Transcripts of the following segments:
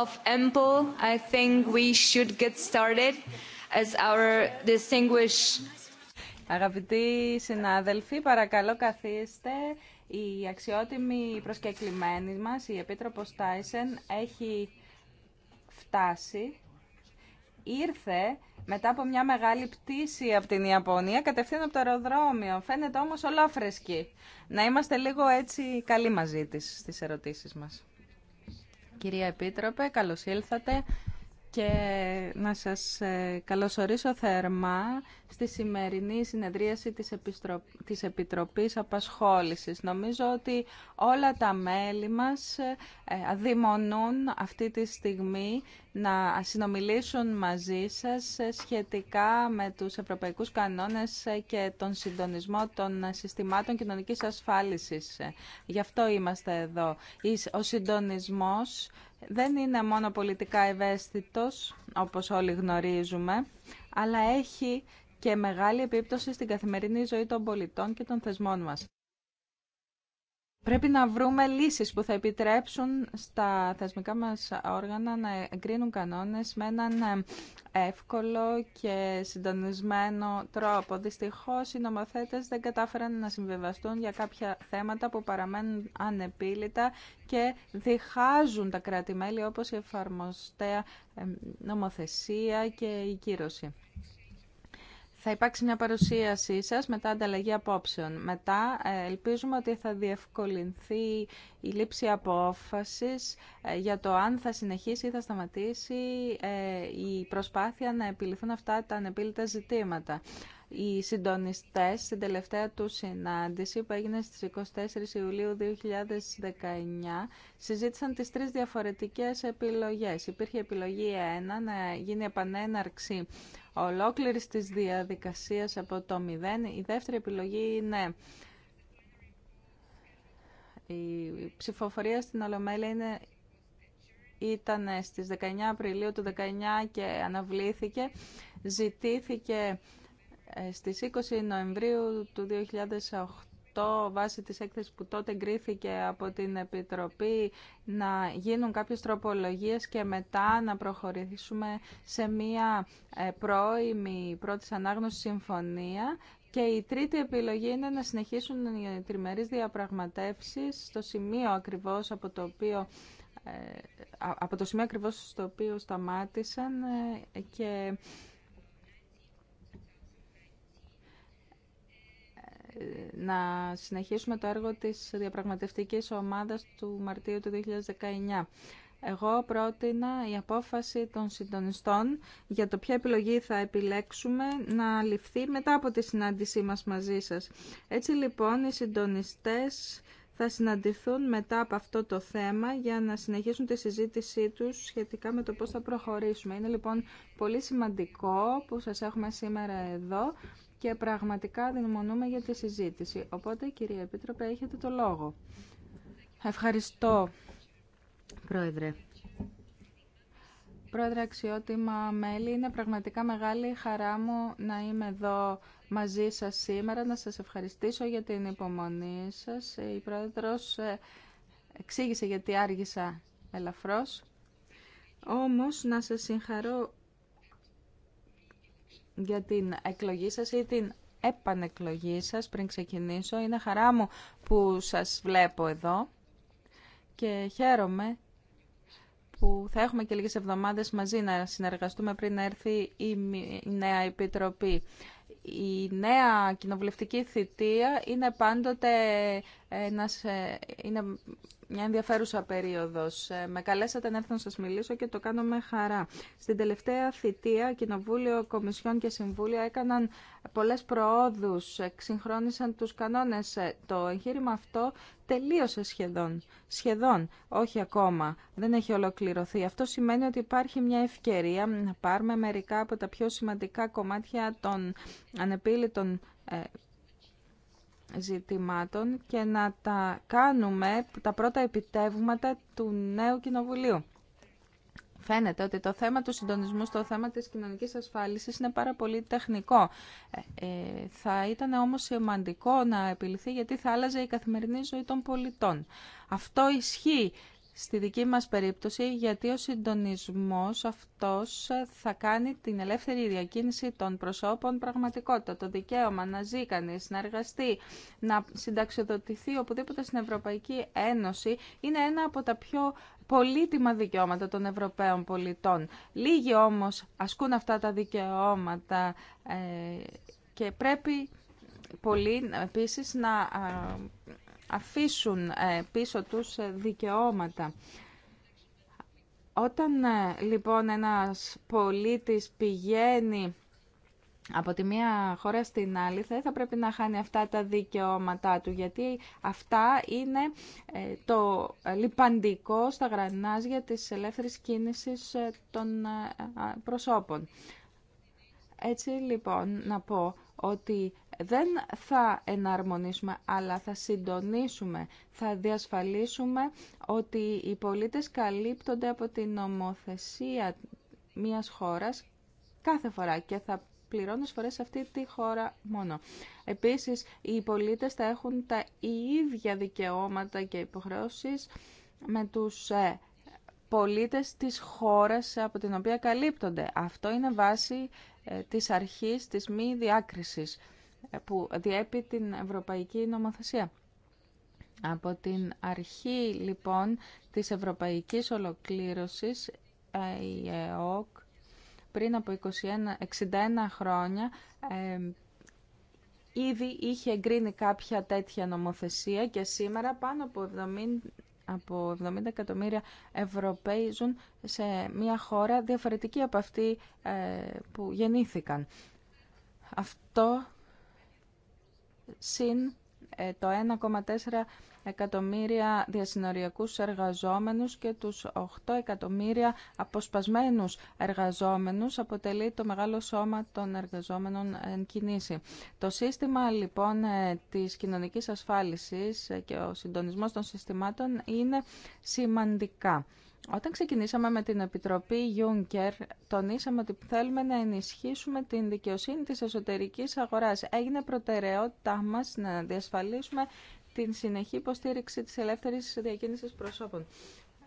of I think we should get started as our distinguished... Αγαπητοί συνάδελφοι, παρακαλώ καθίστε. Η αξιότιμη προσκεκλημένη μας, η Επίτροπος Τάισεν, έχει φτάσει. Ήρθε μετά από μια μεγάλη πτήση από την Ιαπωνία, κατευθείαν από το αεροδρόμιο. Φαίνεται όμως ολόφρεσκη. Να είμαστε λίγο έτσι καλοί μαζί της στις ερωτήσεις μας. Κυρία Επίτροπε, καλώς ήλθατε και να σας ε, καλωσορίσω θερμά στη σημερινή συνεδρίαση της, Επιστρο... της Επιτροπής Απασχόλησης. Νομίζω ότι όλα τα μέλη μας ε, ε, αδειμονούν αυτή τη στιγμή να συνομιλήσουν μαζί σας σχετικά με τους ευρωπαϊκούς κανόνες και τον συντονισμό των συστημάτων κοινωνικής ασφάλισης. Γι' αυτό είμαστε εδώ. Ο συντονισμός δεν είναι μόνο πολιτικά ευαίσθητος, όπως όλοι γνωρίζουμε, αλλά έχει και μεγάλη επίπτωση στην καθημερινή ζωή των πολιτών και των θεσμών μας. Πρέπει να βρούμε λύσεις που θα επιτρέψουν στα θεσμικά μας όργανα να εγκρίνουν κανόνες με έναν ε, εύκολο και συντονισμένο τρόπο. Δυστυχώς οι νομοθέτες δεν κατάφεραν να συμβιβαστούν για κάποια θέματα που παραμένουν ανεπίλητα και διχάζουν τα κράτη-μέλη όπως η εφαρμοστέα ε, νομοθεσία και η κύρωση. Θα υπάρξει μια παρουσίασή σας μετά ανταλλαγή απόψεων. Μετά ε, ελπίζουμε ότι θα διευκολυνθεί η λήψη απόφασης ε, για το αν θα συνεχίσει ή θα σταματήσει ε, η προσπάθεια να επιληθούν αυτά τα ανεπίλητα ζητήματα. Οι συντονιστές στην τελευταία του συνάντηση που έγινε στις 24 Ιουλίου 2019 συζήτησαν τις τρεις διαφορετικές επιλογές. Υπήρχε επιλογή 1 να γίνει επανέναρξη ολόκληρη της διαδικασίας από το 0. Η δεύτερη επιλογή είναι η ψηφοφορία στην Ολομέλεια είναι ήταν στις 19 Απριλίου του 19 και αναβλήθηκε. Ζητήθηκε ε, στις 20 Νοεμβρίου του 2008, βάσει της έκθεσης που τότε εγκρίθηκε από την Επιτροπή, να γίνουν κάποιες τροπολογίες και μετά να προχωρήσουμε σε μία ε, πρώιμη πρώτης ανάγνωση συμφωνία και η τρίτη επιλογή είναι να συνεχίσουν οι τριμερείς διαπραγματεύσεις στο σημείο ακριβώς από το οποίο ε, από το σημείο ακριβώς στο οποίο σταμάτησαν και να συνεχίσουμε το έργο της διαπραγματευτικής ομάδας του Μαρτίου του 2019. Εγώ πρότεινα η απόφαση των συντονιστών για το ποια επιλογή θα επιλέξουμε να ληφθεί μετά από τη συνάντησή μας μαζί σας. Έτσι λοιπόν οι συντονιστές θα συναντηθούν μετά από αυτό το θέμα για να συνεχίσουν τη συζήτησή τους σχετικά με το πώς θα προχωρήσουμε. Είναι λοιπόν πολύ σημαντικό που σας έχουμε σήμερα εδώ και πραγματικά δημονούμε για τη συζήτηση. Οπότε, κυρία Επίτροπε, έχετε το λόγο. Ευχαριστώ, Πρόεδρε. Πρόεδρε, αξιότιμα μέλη, είναι πραγματικά μεγάλη χαρά μου να είμαι εδώ μαζί σας σήμερα, να σας ευχαριστήσω για την υπομονή σας. Η Πρόεδρος ε, εξήγησε γιατί άργησα ελαφρώς. Όμως, να σας συγχαρώ για την εκλογή σας ή την επανεκλογή σας πριν ξεκινήσω. Είναι χαρά μου που σας βλέπω εδώ και χαίρομαι που θα έχουμε και λίγες εβδομάδες μαζί να συνεργαστούμε πριν έρθει η νέα Επιτροπή. Η νέα κοινοβουλευτική θητεία είναι πάντοτε ένας, ε, είναι μια ενδιαφέρουσα περίοδος. Ε, με καλέσατε να έρθω να σας μιλήσω και το κάνω με χαρά. Στην τελευταία θητεία, Κοινοβούλιο, Κομισιόν και Συμβούλια έκαναν πολλές προόδους, εξυγχρόνισαν τους κανόνες. Ε, το εγχείρημα αυτό τελείωσε σχεδόν. Σχεδόν, όχι ακόμα. Δεν έχει ολοκληρωθεί. Αυτό σημαίνει ότι υπάρχει μια ευκαιρία να πάρουμε μερικά από τα πιο σημαντικά κομμάτια των ανεπίλητων ε, ζητημάτων και να τα κάνουμε τα πρώτα επιτεύγματα του νέου κοινοβουλίου. Φαίνεται ότι το θέμα του συντονισμού στο θέμα της κοινωνικής ασφάλισης είναι πάρα πολύ τεχνικό. Ε, ε, θα ήταν όμως σημαντικό να επιληθεί γιατί θα άλλαζε η καθημερινή ζωή των πολιτών. Αυτό ισχύει στη δική μας περίπτωση γιατί ο συντονισμός αυτός θα κάνει την ελεύθερη διακίνηση των προσώπων πραγματικότητα. Το δικαίωμα να ζει κανείς, να εργαστεί, να συνταξιοδοτηθεί οπουδήποτε στην Ευρωπαϊκή Ένωση είναι ένα από τα πιο πολύτιμα δικαιώματα των Ευρωπαίων πολιτών. Λίγοι όμως ασκούν αυτά τα δικαιώματα ε, και πρέπει πολλοί επίσης να αφήσουν ε, πίσω τους ε, δικαιώματα. Όταν ε, λοιπόν ένας πολίτης πηγαίνει από τη μία χώρα στην άλλη θα πρέπει να χάνει αυτά τα δικαιώματά του γιατί αυτά είναι το λιπαντικό στα γρανάζια της ελεύθερης κίνησης των προσώπων. Έτσι λοιπόν να πω ότι δεν θα εναρμονίσουμε, αλλά θα συντονίσουμε, θα διασφαλίσουμε ότι οι πολίτες καλύπτονται από την νομοθεσία μιας χώρας κάθε φορά και θα πληρώνουν φορές σε αυτή τη χώρα μόνο. Επίσης, οι πολίτες θα έχουν τα ίδια δικαιώματα και υποχρεώσεις με τους ε, πολίτες της χώρας από την οποία καλύπτονται. Αυτό είναι βάση ε, της αρχής της μη διάκρισης που διέπει την Ευρωπαϊκή Νομοθεσία. Από την αρχή λοιπόν της Ευρωπαϊκής Ολοκλήρωσης η ΕΟΚ πριν από 21, 61 χρόνια ήδη είχε εγκρίνει κάποια τέτοια νομοθεσία και σήμερα πάνω από 70, από 70 εκατομμύρια Ευρωπαίοι ζουν σε μια χώρα διαφορετική από αυτή ε, που γεννήθηκαν. Αυτό συν ε, το 1,4 εκατομμύρια διασυνοριακούς εργαζόμενους και τους 8 εκατομμύρια αποσπασμένους εργαζόμενους αποτελεί το μεγάλο σώμα των εργαζόμενων εν κινήσει. Το σύστημα λοιπόν ε, της κοινωνικής ασφάλισης ε, και ο συντονισμός των συστημάτων είναι σημαντικά. Όταν ξεκινήσαμε με την Επιτροπή Juncker, τονίσαμε ότι θέλουμε να ενισχύσουμε την δικαιοσύνη της εσωτερικής αγοράς. Έγινε προτεραιότητά μας να διασφαλίσουμε την συνεχή υποστήριξη της ελεύθερης διακίνησης προσώπων.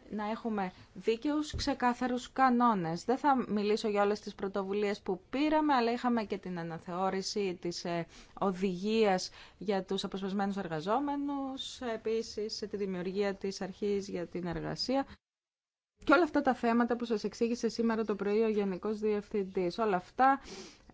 Να έχουμε δίκαιους, ξεκάθαρους κανόνες. Δεν θα μιλήσω για όλες τις πρωτοβουλίες που πήραμε, αλλά είχαμε και την αναθεώρηση της ε, οδηγίας για τους αποσπασμένους εργαζόμενους, επίσης τη δημιουργία της αρχής για την εργασία. Και όλα αυτά τα θέματα που σας εξήγησε σήμερα το πρωί ο Γενικός Διευθυντής, όλα αυτά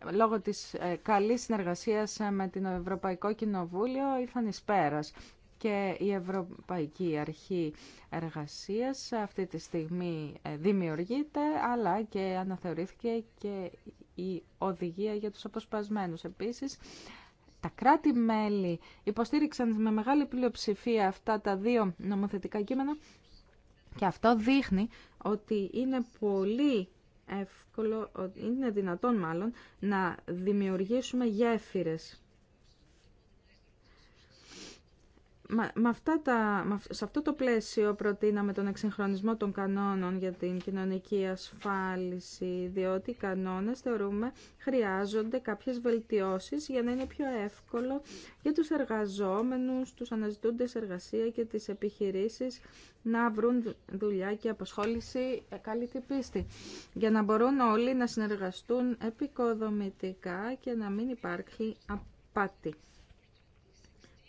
ε, λόγω της ε, καλής συνεργασίας ε, με την Ευρωπαϊκό Κοινοβούλιο ήρθαν εις πέρας και η Ευρωπαϊκή Αρχή Εργασίας αυτή τη στιγμή δημιουργείται αλλά και αναθεωρήθηκε και η οδηγία για τους αποσπασμένους επίσης. Τα κράτη-μέλη υποστήριξαν με μεγάλη πλειοψηφία αυτά τα δύο νομοθετικά κείμενα και αυτό δείχνει ότι είναι πολύ εύκολο, είναι δυνατόν μάλλον, να δημιουργήσουμε γέφυρες αυτά τα, σε αυτό το πλαίσιο προτείναμε τον εξυγχρονισμό των κανόνων για την κοινωνική ασφάλιση, διότι οι κανόνες θεωρούμε χρειάζονται κάποιες βελτιώσεις για να είναι πιο εύκολο για τους εργαζόμενους, τους αναζητούντες εργασία και τις επιχειρήσεις να βρουν δουλειά και απασχόληση ε, καλή την πίστη, για να μπορούν όλοι να συνεργαστούν επικοδομητικά και να μην υπάρχει απάτη.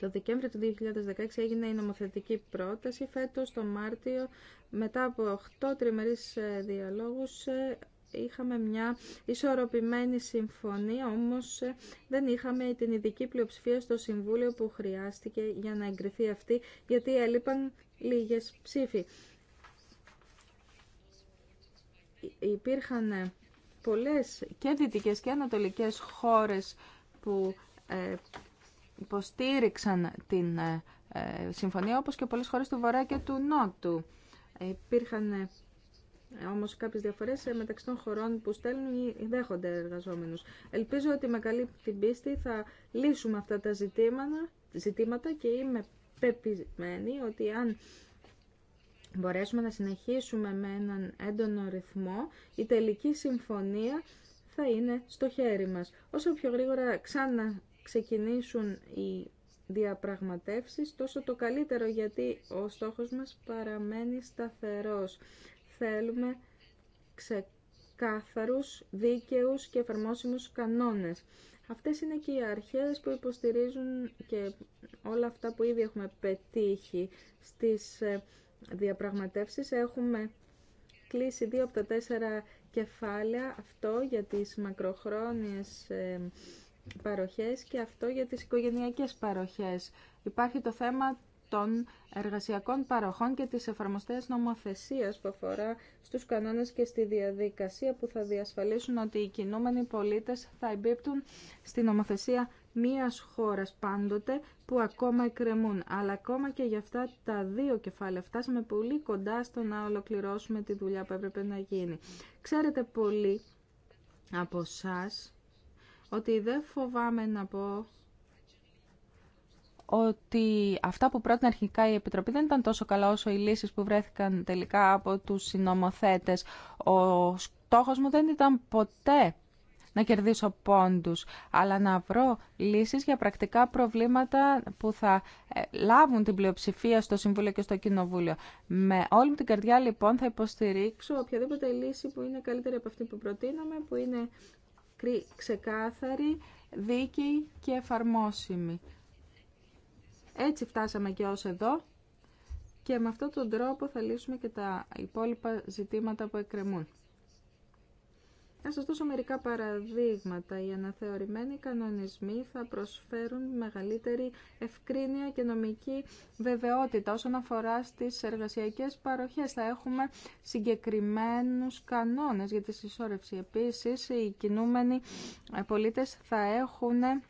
Το Δεκέμβριο του 2016 έγινε η νομοθετική πρόταση. Φέτος, το Μάρτιο, μετά από 8 τριμερείς ε, διαλόγους, ε, είχαμε μια ισορροπημένη συμφωνία, όμως ε, δεν είχαμε την ειδική πλειοψηφία στο Συμβούλιο που χρειάστηκε για να εγκριθεί αυτή, γιατί έλειπαν λίγες ψήφοι. Υπήρχαν πολλές και δυτικές και ανατολικές χώρες που υποστήριξαν την ε, ε, συμφωνία όπως και πολλές χώρες του Βορρά και του Νότου. Υπήρχαν ε, όμως κάποιες διαφορές μεταξύ των χωρών που στέλνουν ή δέχονται εργαζόμενους. Ελπίζω ότι με καλή την πίστη θα λύσουμε αυτά τα ζητήματα, ζητήματα και είμαι πεπισμένη ότι αν μπορέσουμε να συνεχίσουμε με έναν έντονο ρυθμό, η τελική συμφωνία θα είναι στο χέρι μας. Όσο πιο γρήγορα ξανά ξεκινήσουν οι διαπραγματεύσεις, τόσο το καλύτερο γιατί ο στόχος μας παραμένει σταθερός. Θέλουμε ξεκάθαρους, δίκαιους και εφαρμόσιμους κανόνες. Αυτές είναι και οι αρχές που υποστηρίζουν και όλα αυτά που ήδη έχουμε πετύχει στις ε, διαπραγματεύσεις. Έχουμε κλείσει δύο από τα τέσσερα κεφάλαια αυτό για τις μακροχρόνιες ε, παροχές και αυτό για τις οικογενειακές παροχές. Υπάρχει το θέμα των εργασιακών παροχών και της εφαρμοστές νομοθεσίας που αφορά στους κανόνες και στη διαδικασία που θα διασφαλίσουν ότι οι κινούμενοι πολίτες θα εμπίπτουν στη νομοθεσία μίας χώρας πάντοτε που ακόμα εκκρεμούν. Αλλά ακόμα και για αυτά τα δύο κεφάλαια φτάσαμε πολύ κοντά στο να ολοκληρώσουμε τη δουλειά που έπρεπε να γίνει. Ξέρετε πολύ από εσά ότι δεν φοβάμαι να πω ότι αυτά που πρότεινε αρχικά η Επιτροπή δεν ήταν τόσο καλά όσο οι λύσεις που βρέθηκαν τελικά από τους συνομοθέτες. Ο στόχος μου δεν ήταν ποτέ να κερδίσω πόντους, αλλά να βρω λύσεις για πρακτικά προβλήματα που θα ε, λάβουν την πλειοψηφία στο Συμβούλιο και στο Κοινοβούλιο. Με όλη μου την καρδιά λοιπόν θα υποστηρίξω οποιαδήποτε λύση που είναι καλύτερη από αυτή που προτείναμε, που είναι ξεκάθαρη, δίκαιη και εφαρμόσιμη. Έτσι φτάσαμε και ως εδώ και με αυτόν τον τρόπο θα λύσουμε και τα υπόλοιπα ζητήματα που εκκρεμούν. Να σας δώσω μερικά παραδείγματα. Οι αναθεωρημένοι κανονισμοί θα προσφέρουν μεγαλύτερη ευκρίνεια και νομική βεβαιότητα όσον αφορά στις εργασιακές παροχές. Θα έχουμε συγκεκριμένους κανόνες για τη συσσόρευση. Επίσης, οι κινούμενοι πολίτες θα έχουν ε,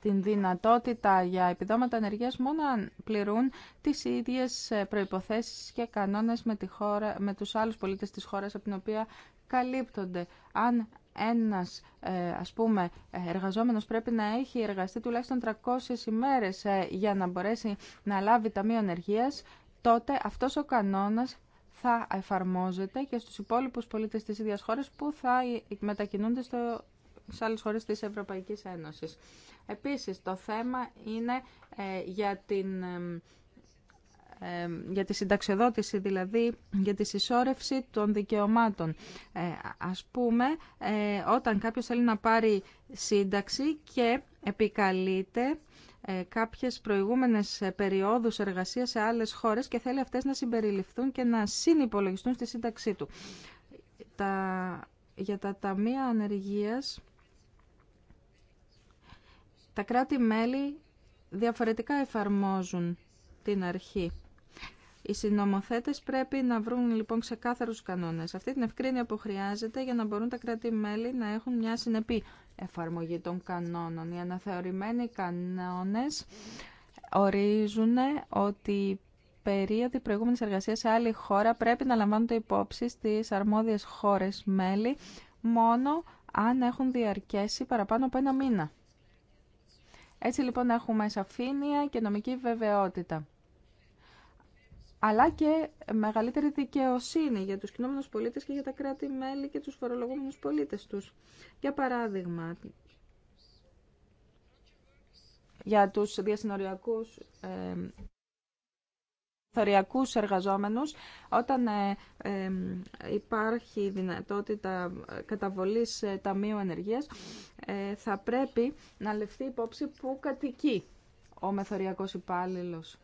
την δυνατότητα για επιδόματα ενεργείας μόνο αν πληρούν τις ίδιες ε, προϋποθέσεις και κανόνες με, τη χώρα, με τους άλλους πολίτες της χώρας από την οποία καλύπτονται. Αν ένας, ε, ας πούμε, εργαζόμενος πρέπει να έχει εργαστεί τουλάχιστον 300 ημέρες ε, για να μπορέσει να λάβει ταμείο ενεργείας, τότε αυτός ο κανόνας θα εφαρμόζεται και στους υπόλοιπους πολίτες της ίδιας χώρας που θα μετακινούνται στο, σε άλλες χώρες της Ευρωπαϊκής Ένωσης. Επίσης, το θέμα είναι ε, για την για τη συνταξιοδότηση, δηλαδή για τη συσσόρευση των δικαιωμάτων. Ε, ας πούμε, ε, όταν κάποιος θέλει να πάρει σύνταξη και επικαλείται ε, κάποιες προηγούμενες περιόδους εργασίας σε άλλες χώρες και θέλει αυτές να συμπεριληφθούν και να συνυπολογιστούν στη σύνταξή του. Τα, για τα ταμεία ανεργίας, τα κράτη-μέλη διαφορετικά εφαρμόζουν την αρχή. Οι συνομοθέτες πρέπει να βρουν λοιπόν ξεκάθαρους κανόνες. Αυτή την ευκρίνεια που χρειάζεται για να μπορούν τα κράτη-μέλη να έχουν μια συνεπή εφαρμογή των κανόνων. Οι αναθεωρημένοι κανόνες ορίζουν ότι περίοδοι προηγούμενη εργασία σε άλλη χώρα πρέπει να λαμβάνονται υπόψη στις αρμόδιες χώρες μέλη μόνο αν έχουν διαρκέσει παραπάνω από ένα μήνα. Έτσι λοιπόν έχουμε σαφήνεια και νομική βεβαιότητα αλλά και μεγαλύτερη δικαιοσύνη για τους κοινόμενους πολίτες και για τα κράτη-μέλη και τους φορολογούμενους πολίτες τους. Για παράδειγμα, για τους διασυνοριακούς ε, εργαζόμενους, όταν ε, υπάρχει δυνατότητα ε, καταβολής ε, ταμείου ενεργείας, ε, θα πρέπει να λεφθεί υπόψη που κατοικεί ο μεθοριακός υπάλληλος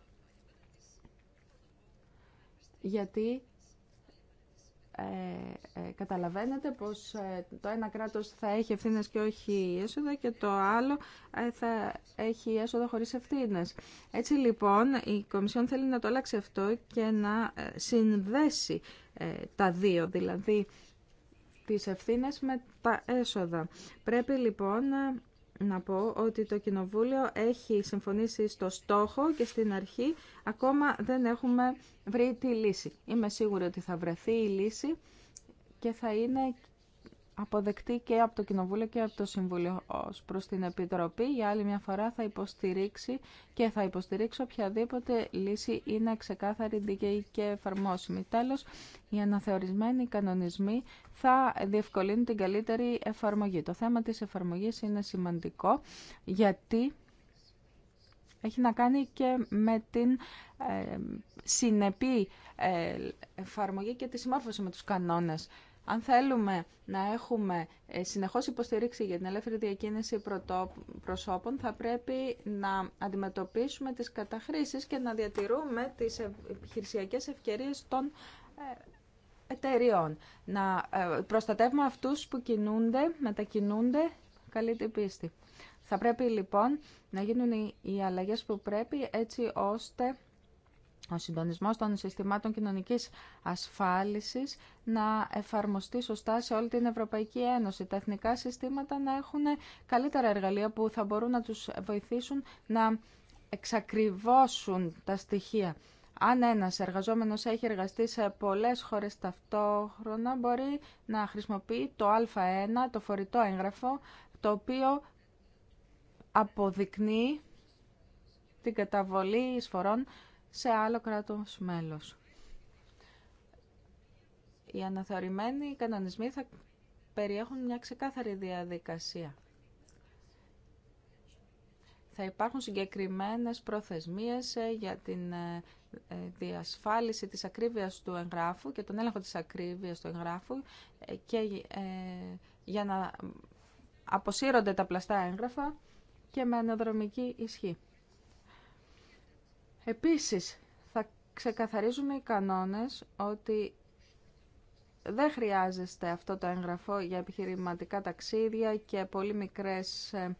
γιατί ε, ε, καταλαβαίνετε πως ε, το ένα κράτος θα έχει ευθύνε και όχι έσοδα και το άλλο ε, θα έχει έσοδα χωρίς ευθύνε. Έτσι λοιπόν η Κομισιόν θέλει να το αλλάξει αυτό και να ε, συνδέσει τα δύο, δηλαδή τις ευθύνε με τα έσοδα. Πρέπει λοιπόν να πω ότι το Κοινοβούλιο έχει συμφωνήσει στο στόχο και στην αρχή ακόμα δεν έχουμε βρει τη λύση. Είμαι σίγουρη ότι θα βρεθεί η λύση και θα είναι αποδεκτή και από το Κοινοβούλιο και από το Συμβούλιο ως προς την Επιτροπή. Για άλλη μια φορά θα υποστηρίξει και θα υποστηρίξει οποιαδήποτε λύση είναι ξεκάθαρη, δίκαιη και εφαρμόσιμη. Τέλος, οι αναθεωρισμένοι κανονισμοί θα διευκολύνουν την καλύτερη εφαρμογή. Το θέμα της εφαρμογής είναι σημαντικό γιατί έχει να κάνει και με την ε, συνεπή ε, εφαρμογή και τη συμμόρφωση με τους κανόνες. Αν θέλουμε να έχουμε ε, συνεχώς υποστηρίξη για την ελεύθερη διακίνηση προσώπων, θα πρέπει να αντιμετωπίσουμε τις καταχρήσεις και να διατηρούμε τις επιχειρησιακές ευκαιρίες των ε, εταιριών. Να ε, προστατεύουμε αυτούς που κινούνται, μετακινούνται, καλή την πίστη. Θα πρέπει λοιπόν να γίνουν οι αλλαγές που πρέπει έτσι ώστε ο συντονισμός των συστημάτων κοινωνικής ασφάλισης να εφαρμοστεί σωστά σε όλη την Ευρωπαϊκή Ένωση. Τα εθνικά συστήματα να έχουν καλύτερα εργαλεία που θα μπορούν να τους βοηθήσουν να εξακριβώσουν τα στοιχεία. Αν ένας εργαζόμενος έχει εργαστεί σε πολλές χώρες ταυτόχρονα, μπορεί να χρησιμοποιεί το Α1, το φορητό έγγραφο, το οποίο αποδεικνύει την καταβολή εισφορών σε άλλο κράτος μέλος. Οι αναθεωρημένοι κανονισμοί θα περιέχουν μια ξεκάθαρη διαδικασία. Θα υπάρχουν συγκεκριμένες προθεσμίες ε, για την ε, ε, διασφάλιση της ακρίβειας του εγγράφου και τον έλεγχο της ακρίβειας του εγγράφου και για να αποσύρονται τα πλαστά έγγραφα και με αναδρομική ισχύ. Επίσης, θα ξεκαθαρίζουμε οι κανόνες ότι δεν χρειάζεστε αυτό το έγγραφο για επιχειρηματικά ταξίδια και πολύ μικρές ε,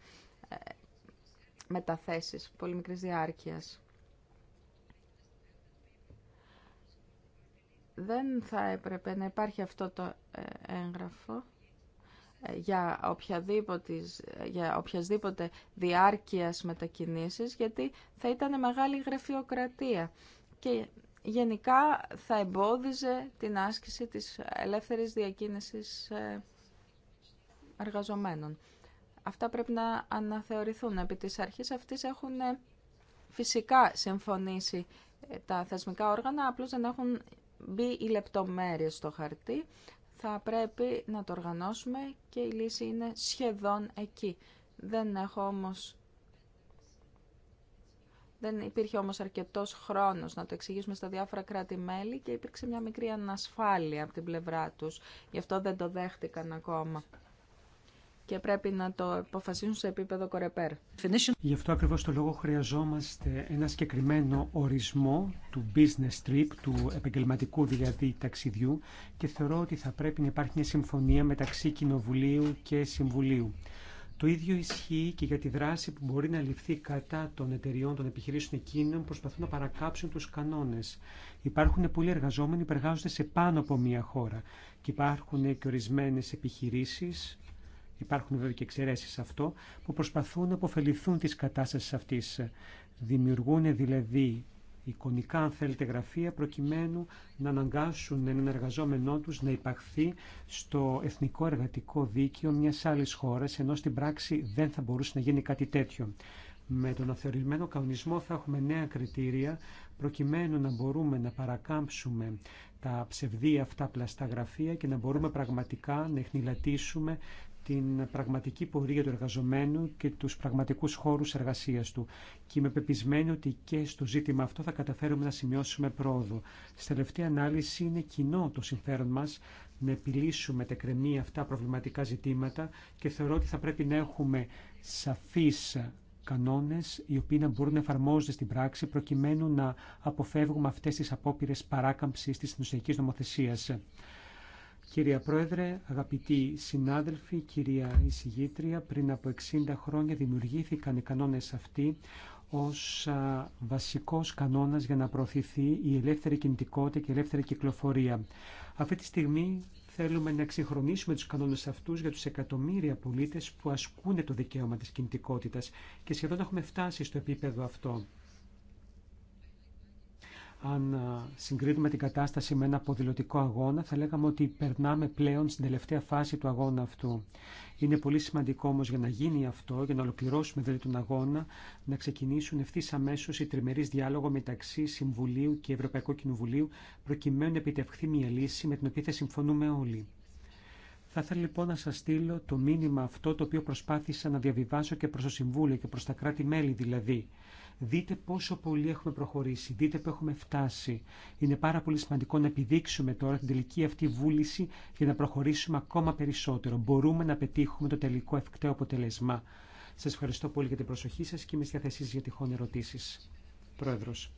μεταθέσεις, πολύ μικρής διάρκειας. Δεν θα έπρεπε να υπάρχει αυτό το ε, έγγραφο για οποιαδήποτε, για οποιασδήποτε διάρκειας μετακινήσεις γιατί θα ήταν μεγάλη γραφειοκρατία και γενικά θα εμπόδιζε την άσκηση της ελεύθερης διακίνησης ε, εργαζομένων. Αυτά πρέπει να αναθεωρηθούν. Επί της αρχής αυτής έχουν ε, φυσικά συμφωνήσει ε, τα θεσμικά όργανα, απλώς δεν έχουν μπει οι λεπτομέρειες στο χαρτί θα πρέπει να το οργανώσουμε και η λύση είναι σχεδόν εκεί. Δεν έχω Δεν υπήρχε όμως αρκετός χρόνος να το εξηγήσουμε στα διάφορα κράτη-μέλη και υπήρξε μια μικρή ανασφάλεια από την πλευρά τους. Γι' αυτό δεν το δέχτηκαν ακόμα και πρέπει να το αποφασίσουν σε επίπεδο κορεπέρ. Γι' αυτό ακριβώ το λόγο χρειαζόμαστε ένα συγκεκριμένο ορισμό του business trip, του επαγγελματικού δηλαδή ταξιδιού και θεωρώ ότι θα πρέπει να υπάρχει μια συμφωνία μεταξύ Κοινοβουλίου και Συμβουλίου. Το ίδιο ισχύει και για τη δράση που μπορεί να ληφθεί κατά των εταιριών, των επιχειρήσεων εκείνων που προσπαθούν να παρακάψουν του κανόνε. Υπάρχουν πολλοί εργαζόμενοι που εργάζονται σε πάνω από μία χώρα και υπάρχουν και ορισμένε επιχειρήσει Υπάρχουν βέβαια και εξαιρέσει σε αυτό που προσπαθούν να αποφεληθούν τη κατάσταση αυτή. Δημιουργούν δηλαδή εικονικά, αν θέλετε, γραφεία προκειμένου να αναγκάσουν έναν εργαζόμενό του να υπαχθεί στο εθνικό εργατικό δίκαιο μια άλλη χώρα, ενώ στην πράξη δεν θα μπορούσε να γίνει κάτι τέτοιο. Με τον αθεωρημένο κανονισμό θα έχουμε νέα κριτήρια προκειμένου να μπορούμε να παρακάμψουμε τα ψευδή αυτά πλαστά γραφεία και να μπορούμε πραγματικά να εχνηλατήσουμε την πραγματική πορεία του εργαζομένου και τους πραγματικούς χώρους εργασίας του. Και είμαι πεπισμένη ότι και στο ζήτημα αυτό θα καταφέρουμε να σημειώσουμε πρόοδο. Στη τελευταία ανάλυση είναι κοινό το συμφέρον μας να επιλύσουμε τα αυτά προβληματικά ζητήματα και θεωρώ ότι θα πρέπει να έχουμε σαφείς κανόνες οι οποίοι να μπορούν να εφαρμόζονται στην πράξη προκειμένου να αποφεύγουμε αυτές τις απόπειρες παράκαμψης της ενωσιακής νομοθεσίας. Κυρία Πρόεδρε, αγαπητοί συνάδελφοι, κυρία εισηγήτρια, πριν από 60 χρόνια δημιουργήθηκαν οι κανόνες αυτοί ως βασικός κανόνας για να προωθηθεί η ελεύθερη κινητικότητα και η ελεύθερη κυκλοφορία. Αυτή τη στιγμή θέλουμε να εξυγχρονίσουμε τους κανόνες αυτούς για τους εκατομμύρια πολίτες που ασκούν το δικαίωμα της κινητικότητας και σχεδόν έχουμε φτάσει στο επίπεδο αυτό. Αν συγκρίνουμε την κατάσταση με ένα ποδηλωτικό αγώνα, θα λέγαμε ότι περνάμε πλέον στην τελευταία φάση του αγώνα αυτού. Είναι πολύ σημαντικό όμω για να γίνει αυτό, για να ολοκληρώσουμε δηλαδή τον αγώνα, να ξεκινήσουν ευθύ αμέσω οι τριμερεί διάλογο μεταξύ Συμβουλίου και Ευρωπαϊκού Κοινοβουλίου, προκειμένου να επιτευχθεί μια λύση με την οποία θα συμφωνούμε όλοι. Θα ήθελα λοιπόν να σα στείλω το μήνυμα αυτό το οποίο προσπάθησα να διαβιβάσω και προ το Συμβούλιο και προ τα κράτη-μέλη δηλαδή. Δείτε πόσο πολύ έχουμε προχωρήσει, δείτε που έχουμε φτάσει. Είναι πάρα πολύ σημαντικό να επιδείξουμε τώρα την τελική αυτή βούληση για να προχωρήσουμε ακόμα περισσότερο. Μπορούμε να πετύχουμε το τελικό ευκταίο αποτελεσμά. Σας ευχαριστώ πολύ για την προσοχή σας και είμαι στη θέση για τυχόν ερωτήσεις. Πρόεδρος,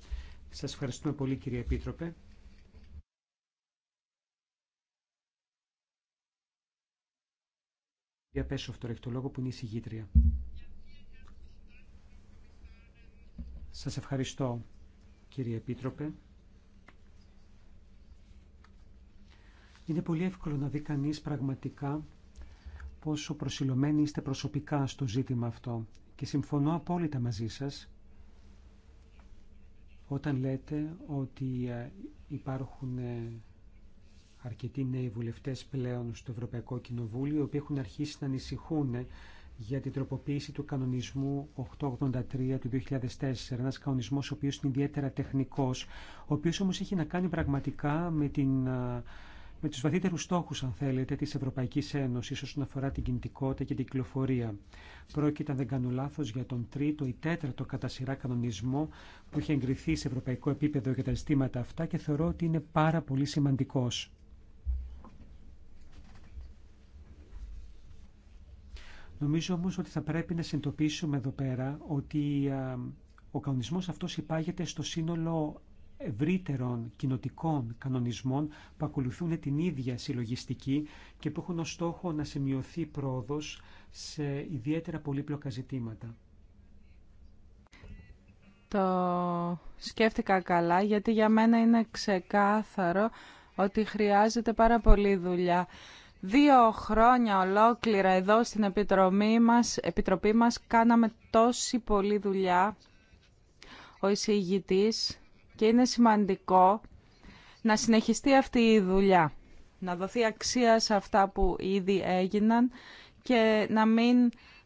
σας ευχαριστούμε πολύ κύριε Επίτροπε. το που Σας ευχαριστώ κύριε Επίτροπε. Είναι πολύ εύκολο να δει κανείς πραγματικά πόσο προσιλωμένοι είστε προσωπικά στο ζήτημα αυτό και συμφωνώ απόλυτα μαζί σας όταν λέτε ότι ε, υπάρχουν ε, αρκετοί νέοι βουλευτές πλέον στο Ευρωπαϊκό Κοινοβούλιο οι οποίοι έχουν αρχίσει να ανησυχούν ε, για την τροποποίηση του κανονισμού 883 του 2004, ένας κανονισμός ο οποίος είναι ιδιαίτερα τεχνικός, ο οποίος όμως έχει να κάνει πραγματικά με, την, με τους βαθύτερους στόχους, αν θέλετε, της Ευρωπαϊκής Ένωσης όσον αφορά την κινητικότητα και την κυκλοφορία. Πρόκειται, αν δεν κάνω λάθος, για τον τρίτο ή τέταρτο κατά σειρά κανονισμό που έχει εγκριθεί σε ευρωπαϊκό επίπεδο για τα ζητήματα αυτά και θεωρώ ότι είναι πάρα πολύ σημαντικός. Νομίζω όμως ότι θα πρέπει να συνειδητοποιήσουμε εδώ πέρα ότι ο κανονισμός αυτός υπάγεται στο σύνολο ευρύτερων κοινοτικών κανονισμών που ακολουθούν την ίδια συλλογιστική και που έχουν ως στόχο να σημειωθεί πρόοδος σε ιδιαίτερα πολύπλοκα ζητήματα. Το σκέφτηκα καλά γιατί για μένα είναι ξεκάθαρο ότι χρειάζεται πάρα πολύ δουλειά Δύο χρόνια ολόκληρα εδώ στην Επιτροπή μας, Επιτροπή μας κάναμε τόση πολλή δουλειά ο εισηγητής και είναι σημαντικό να συνεχιστεί αυτή η δουλειά, να δοθεί αξία σε αυτά που ήδη έγιναν και να μην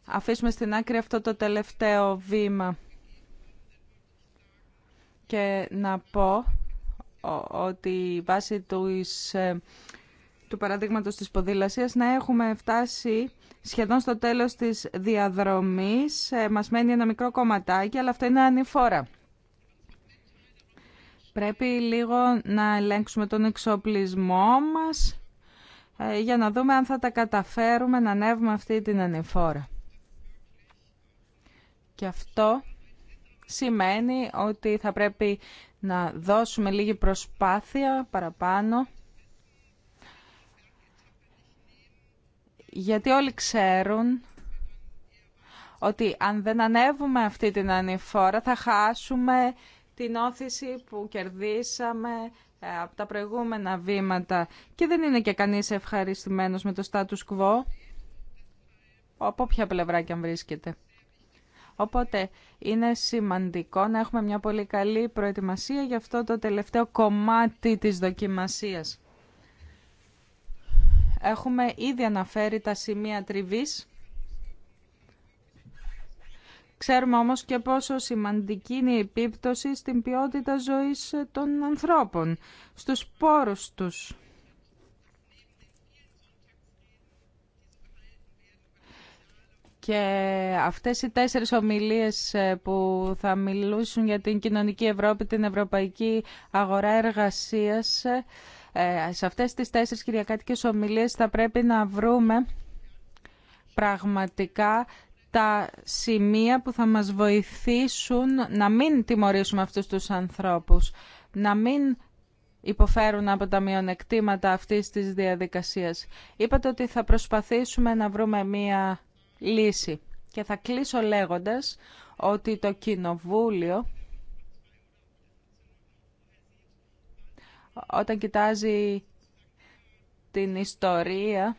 αφήσουμε στην άκρη αυτό το τελευταίο βήμα. Και να πω ότι βάσει του ε, του παραδείγματος της ποδήλασίας να έχουμε φτάσει σχεδόν στο τέλος της διαδρομής. Ε, μας μένει ένα μικρό κομματάκι, αλλά αυτό είναι ανηφόρα. Πρέπει λίγο να ελέγξουμε τον εξοπλισμό μας ε, για να δούμε αν θα τα καταφέρουμε να ανέβουμε αυτή την ανηφόρα. Και αυτό σημαίνει ότι θα πρέπει να δώσουμε λίγη προσπάθεια παραπάνω γιατί όλοι ξέρουν ότι αν δεν ανέβουμε αυτή την ανηφόρα θα χάσουμε την όθηση που κερδίσαμε ε, από τα προηγούμενα βήματα και δεν είναι και κανείς ευχαριστημένος με το status quo από ποια πλευρά και αν βρίσκεται. Οπότε είναι σημαντικό να έχουμε μια πολύ καλή προετοιμασία για αυτό το τελευταίο κομμάτι της δοκιμασίας. Έχουμε ήδη αναφέρει τα σημεία τριβής. Ξέρουμε όμως και πόσο σημαντική είναι η επίπτωση στην ποιότητα ζωής των ανθρώπων, στους πόρους τους. Και αυτές οι τέσσερις ομιλίες ε, που θα μιλούσουν για την κοινωνική Ευρώπη, την ευρωπαϊκή αγορά εργασίας, ε, ε, σε αυτές τις τέσσερις κυριακάτικες ομιλίες θα πρέπει να βρούμε πραγματικά τα σημεία που θα μας βοηθήσουν να μην τιμωρήσουμε αυτούς τους ανθρώπους, να μην υποφέρουν από τα μειονεκτήματα αυτής της διαδικασίας. Είπατε ότι θα προσπαθήσουμε να βρούμε μία λύση. Και θα κλείσω λέγοντας ότι το Κοινοβούλιο όταν κοιτάζει την ιστορία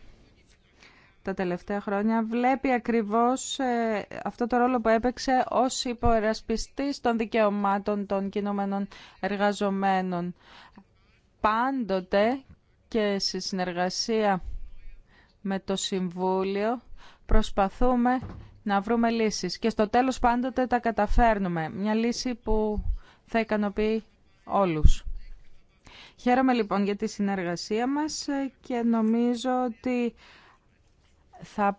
τα τελευταία χρόνια βλέπει ακριβώς ε, αυτό το ρόλο που έπαιξε ως υπερασπιστής των δικαιωμάτων των κινούμενων εργαζομένων. Πάντοτε και σε συνεργασία με το Συμβούλιο προσπαθούμε να βρούμε λύσεις και στο τέλος πάντοτε τα καταφέρνουμε. Μια λύση που θα ικανοποιεί όλους. Χαίρομαι λοιπόν για τη συνεργασία μας και νομίζω ότι θα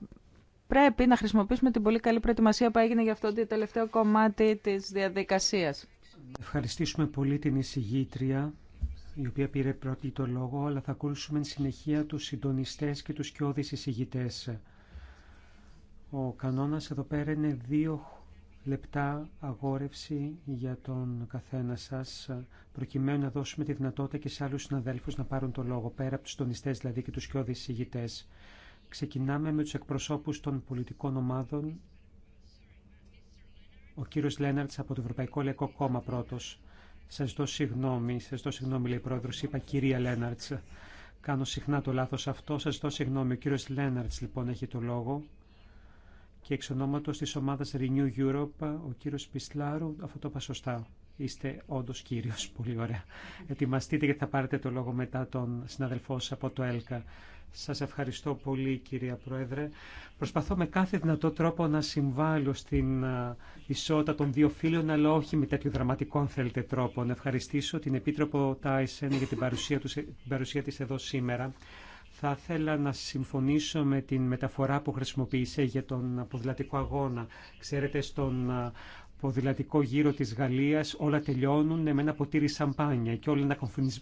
πρέπει να χρησιμοποιήσουμε την πολύ καλή προετοιμασία που έγινε για αυτό το τελευταίο κομμάτι της διαδικασίας. Ευχαριστήσουμε πολύ την εισηγήτρια η οποία πήρε πρώτη το λόγο, αλλά θα ακούσουμε συνεχεία τους συντονιστές και τους κοιόδης εισηγητές. Ο κανόνας εδώ πέρα είναι δύο λεπτά αγόρευση για τον καθένα σας, προκειμένου να δώσουμε τη δυνατότητα και σε άλλους συναδέλφους να πάρουν το λόγο, πέρα από τους τονιστές δηλαδή και τους πιο δυσηγητές. Ξεκινάμε με τους εκπροσώπους των πολιτικών ομάδων. Ο κύριος Λέναρτς από το Ευρωπαϊκό Λαϊκό Κόμμα πρώτος. Σας δω συγγνώμη, σας δω συγγνώμη λέει πρόεδρος, είπα κυρία Λέναρτς. Κάνω συχνά το λάθος αυτό, σας δω συγγνώμη. Ο κύριος Λέναρτ λοιπόν έχει το λόγο και εξ ονόματος της ομάδας Renew Europe, ο κύριος Πισλάρου, αυτό το είπα σωστά. Είστε όντω κύριο. Πολύ ωραία. Ετοιμαστείτε γιατί θα πάρετε το λόγο μετά τον συναδελφό σα από το ΕΛΚΑ. Σας ευχαριστώ πολύ κυρία Πρόεδρε. Προσπαθώ με κάθε δυνατό τρόπο να συμβάλλω στην ισότητα των δύο φίλων, αλλά όχι με τέτοιο δραματικό αν θέλετε τρόπο. Να ευχαριστήσω την Επίτροπο Τάισεν για την παρουσία, παρουσία εδώ σήμερα. Θα ήθελα να συμφωνήσω με την μεταφορά που χρησιμοποίησε για τον ποδηλατικό αγώνα. Ξέρετε, στον ποδηλατικό γύρο της Γαλλίας όλα τελειώνουν με ένα ποτήρι σαμπάνια και όλοι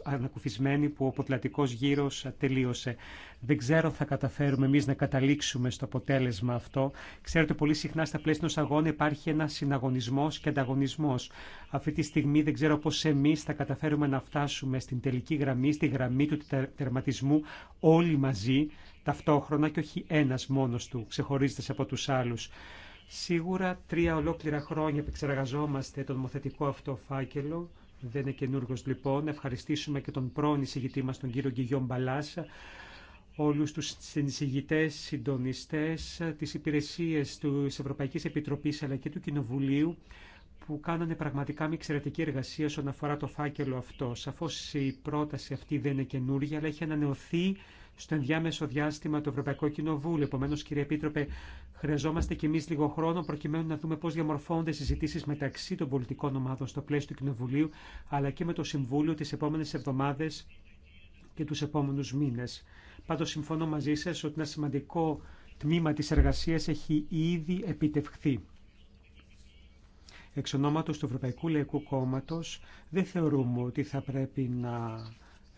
ανακουφισμένοι που ο ποδηλατικός γύρος τελείωσε. Δεν ξέρω αν θα καταφέρουμε εμείς να καταλήξουμε στο αποτέλεσμα αυτό. Ξέρετε πολύ συχνά στα πλαίσια ενός αγώνα υπάρχει ένα συναγωνισμός και ανταγωνισμός. Αυτή τη στιγμή δεν ξέρω πώς εμείς θα καταφέρουμε να φτάσουμε στην τελική γραμμή, στη γραμμή του τερματισμού όλοι μαζί ταυτόχρονα και όχι ένα μόνος του ξεχωρίζεται από τους άλλους. Σίγουρα τρία ολόκληρα χρόνια επεξεργαζόμαστε τον νομοθετικό αυτό φάκελο. Δεν είναι καινούργος λοιπόν. Ευχαριστήσουμε και τον πρώην εισηγητή μα, τον κύριο Γκυγιό Μπαλάσα, όλους τους συνεισηγητέ, συντονιστές, τις υπηρεσίες τη Ευρωπαϊκής Επιτροπής αλλά και του Κοινοβουλίου που κάνανε πραγματικά μια εξαιρετική εργασία όσον αφορά το φάκελο αυτό. Σαφώ η πρόταση αυτή δεν είναι καινούργια, αλλά έχει ανανεωθεί στο ενδιάμεσο διάστημα το Ευρωπαϊκό Κοινοβούλιο. Επομένω, κύριε Επίτροπε, Χρειαζόμαστε κι εμεί λίγο χρόνο προκειμένου να δούμε πώ διαμορφώνονται συζητήσει μεταξύ των πολιτικών ομάδων στο πλαίσιο του Κοινοβουλίου, αλλά και με το Συμβούλιο τι επόμενε εβδομάδε και του επόμενου μήνε. Πάντω, συμφωνώ μαζί σα ότι ένα σημαντικό τμήμα τη εργασία έχει ήδη επιτευχθεί. Εξ του Ευρωπαϊκού Λαϊκού Κόμματο, δεν θεωρούμε ότι θα πρέπει να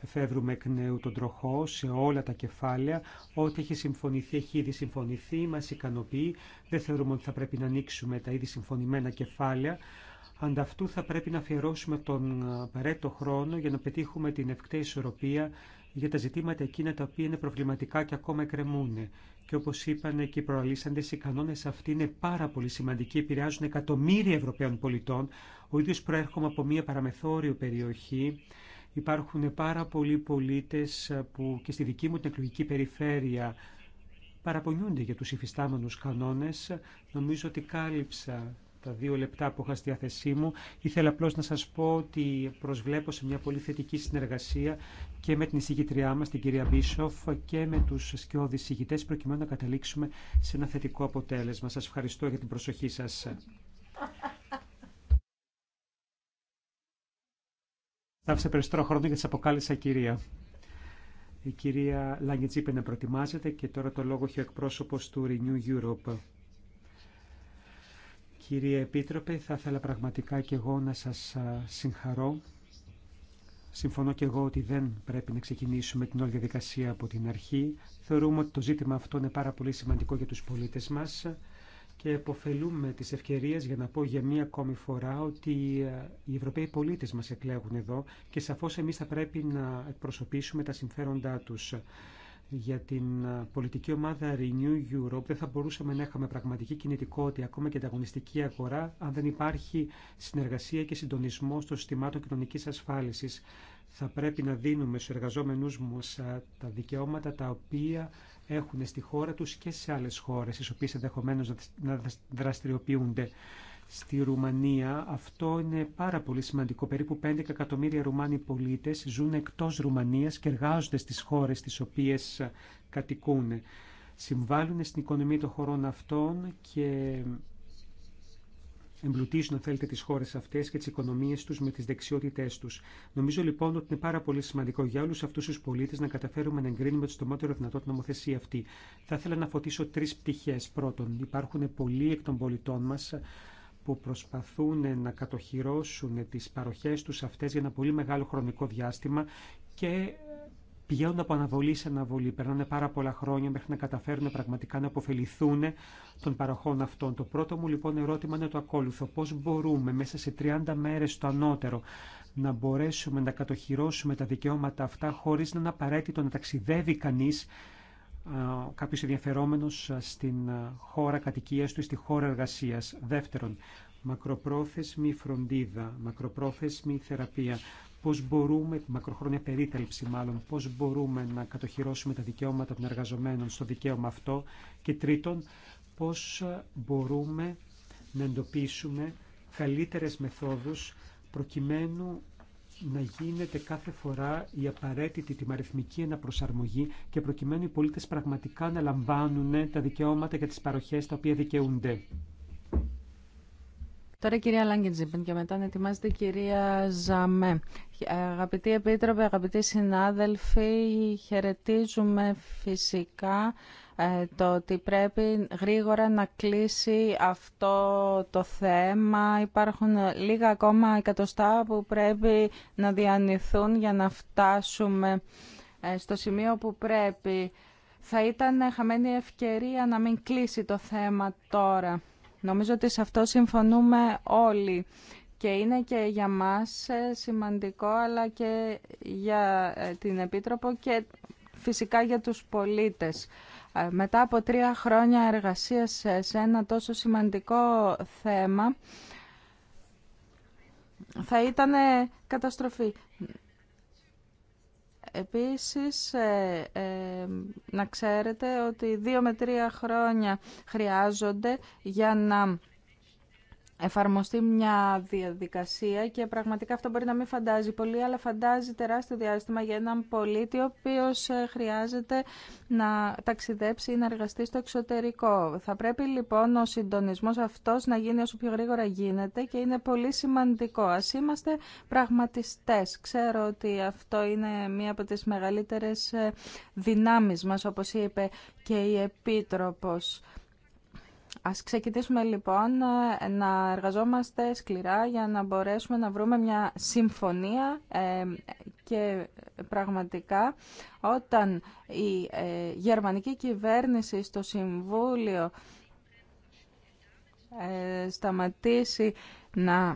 εφεύρουμε εκ νέου τον τροχό σε όλα τα κεφάλαια. Ό,τι έχει συμφωνηθεί έχει ήδη συμφωνηθεί, μα ικανοποιεί. Δεν θεωρούμε ότι θα πρέπει να ανοίξουμε τα ήδη συμφωνημένα κεφάλαια. Ανταυτού θα πρέπει να αφιερώσουμε τον απαραίτητο χρόνο για να πετύχουμε την ευκταία ισορροπία για τα ζητήματα εκείνα τα οποία είναι προβληματικά και ακόμα εκκρεμούν. Και όπω είπαν και οι προαλήσαντε, οι κανόνε αυτοί είναι πάρα πολύ σημαντικοί, επηρεάζουν εκατομμύρια Ευρωπαίων πολιτών. Ο ίδιο προέρχομαι από μια παραμεθόριο περιοχή Υπάρχουν πάρα πολλοί πολίτες ε, που και στη δική μου την εκλογική περιφέρεια παραπονιούνται για τους υφιστάμενους κανόνες. Νομίζω ότι κάλυψα τα δύο λεπτά που είχα στη διάθεσή μου. Ήθελα απλώς να σας πω ότι προσβλέπω σε μια πολύ θετική συνεργασία και με την εισηγητριά μας, την κυρία Μπίσοφ, και με τους σκιώδεις εισηγητές, προκειμένου να καταλήξουμε σε ένα θετικό αποτέλεσμα. Σας ευχαριστώ για την προσοχή σας. Άφησα περισσότερο χρόνο και τη αποκάλυψα κυρία. Η κυρία Λάγκετσίπε να προετοιμάζεται και τώρα το λόγο έχει ο εκπρόσωπος του Renew Europe. Κυρία Επίτροπε, θα ήθελα πραγματικά και εγώ να σας συγχαρώ. Συμφωνώ και εγώ ότι δεν πρέπει να ξεκινήσουμε την όλη διαδικασία από την αρχή. Θεωρούμε ότι το ζήτημα αυτό είναι πάρα πολύ σημαντικό για τους πολίτες μας και αποφελούμε τις ευκαιρίες για να πω για μία ακόμη φορά ότι ε, οι Ευρωπαίοι πολίτες μας εκλέγουν εδώ και σαφώς εμείς θα πρέπει να εκπροσωπήσουμε τα συμφέροντά τους για την ε, πολιτική ομάδα Renew Europe δεν θα μπορούσαμε να είχαμε πραγματική κινητικότητα ακόμα και ανταγωνιστική αγορά αν δεν υπάρχει συνεργασία και συντονισμό των συστημάτων κοινωνικής ασφάλισης. Θα πρέπει να δίνουμε στους εργαζόμενους μας ε, τα δικαιώματα τα οποία έχουν στη χώρα τους και σε άλλες χώρες, στις οποίες ενδεχομένως να δραστηριοποιούνται στη Ρουμανία. Αυτό είναι πάρα πολύ σημαντικό. Περίπου 5 εκατομμύρια Ρουμάνοι πολίτες ζουν εκτός Ρουμανίας και εργάζονται στις χώρες τις οποίες κατοικούν. Συμβάλλουν στην οικονομία των χωρών αυτών και εμπλουτίζουν, αν θέλετε, τι χώρε αυτέ και τι οικονομίε του με τι δεξιότητέ του. Νομίζω λοιπόν ότι είναι πάρα πολύ σημαντικό για όλου αυτού του πολίτε να καταφέρουμε να εγκρίνουμε το στομότερο δυνατό την νομοθεσία αυτή. Θα ήθελα να φωτίσω τρει πτυχέ. Πρώτον, υπάρχουν πολλοί εκ των πολιτών μα που προσπαθούν να κατοχυρώσουν τις παροχές τους αυτές για ένα πολύ μεγάλο χρονικό διάστημα και πηγαίνουν από αναβολή σε αναβολή. Περνάνε πάρα πολλά χρόνια μέχρι να καταφέρουν πραγματικά να αποφεληθούν των παροχών αυτών. Το πρώτο μου λοιπόν ερώτημα είναι το ακόλουθο. Πώς μπορούμε μέσα σε 30 μέρες το ανώτερο να μπορέσουμε να κατοχυρώσουμε τα δικαιώματα αυτά χωρίς να είναι απαραίτητο να ταξιδεύει κανείς κάποιος ενδιαφερόμενος στην χώρα κατοικίας του ή στη χώρα εργασίας. Δεύτερον, μακροπρόθεσμη φροντίδα, μακροπρόθεσμη θεραπεία. Πώς μπορούμε, μακροχρόνια περίθαλψη μάλλον, πώς μπορούμε να κατοχυρώσουμε τα δικαιώματα των εργαζομένων στο δικαίωμα αυτό. Και τρίτον, πώς μπορούμε να εντοπίσουμε καλύτερες μεθόδους προκειμένου να γίνεται κάθε φορά η απαραίτητη τιμαριθμική αναπροσαρμογή και προκειμένου οι πολίτες πραγματικά να λαμβάνουν τα δικαιώματα και τις παροχές τα οποία δικαιούνται. Τώρα κυρία Λάγκεντζιμπεν και μετά να ετοιμάζεται η κυρία Ζαμέ. Αγαπητοί επίτροποι, αγαπητοί συνάδελφοι, χαιρετίζουμε φυσικά ε, το ότι πρέπει γρήγορα να κλείσει αυτό το θέμα. Υπάρχουν λίγα ακόμα εκατοστά που πρέπει να διανυθούν για να φτάσουμε ε, στο σημείο που πρέπει. Θα ήταν χαμένη ευκαιρία να μην κλείσει το θέμα τώρα. Νομίζω ότι σε αυτό συμφωνούμε όλοι και είναι και για μας ε, σημαντικό αλλά και για την Επίτροπο και φυσικά για τους πολίτες. Μετά από τρία χρόνια εργασίας σε ένα τόσο σημαντικό θέμα, θα ήταν καταστροφή. Επίσης, ε, ε, να ξέρετε ότι δύο με τρία χρόνια χρειάζονται για να εφαρμοστεί μια διαδικασία και πραγματικά αυτό μπορεί να μην φαντάζει πολύ, αλλά φαντάζει τεράστιο διάστημα για έναν πολίτη ο οποίος ε, χρειάζεται να ταξιδέψει ή να εργαστεί στο εξωτερικό. Θα πρέπει λοιπόν ο συντονισμός αυτός να γίνει όσο πιο γρήγορα γίνεται και είναι πολύ σημαντικό. Ας είμαστε πραγματιστές. Ξέρω ότι αυτό είναι μία από τις μεγαλύτερες ε, δυνάμεις μας, όπως είπε και η Επίτροπος. Ας ξεκινήσουμε λοιπόν ε, να εργαζόμαστε σκληρά για να μπορέσουμε να βρούμε μια συμφωνία ε, και πραγματικά όταν η ε, γερμανική κυβέρνηση στο Συμβούλιο σταματήσει να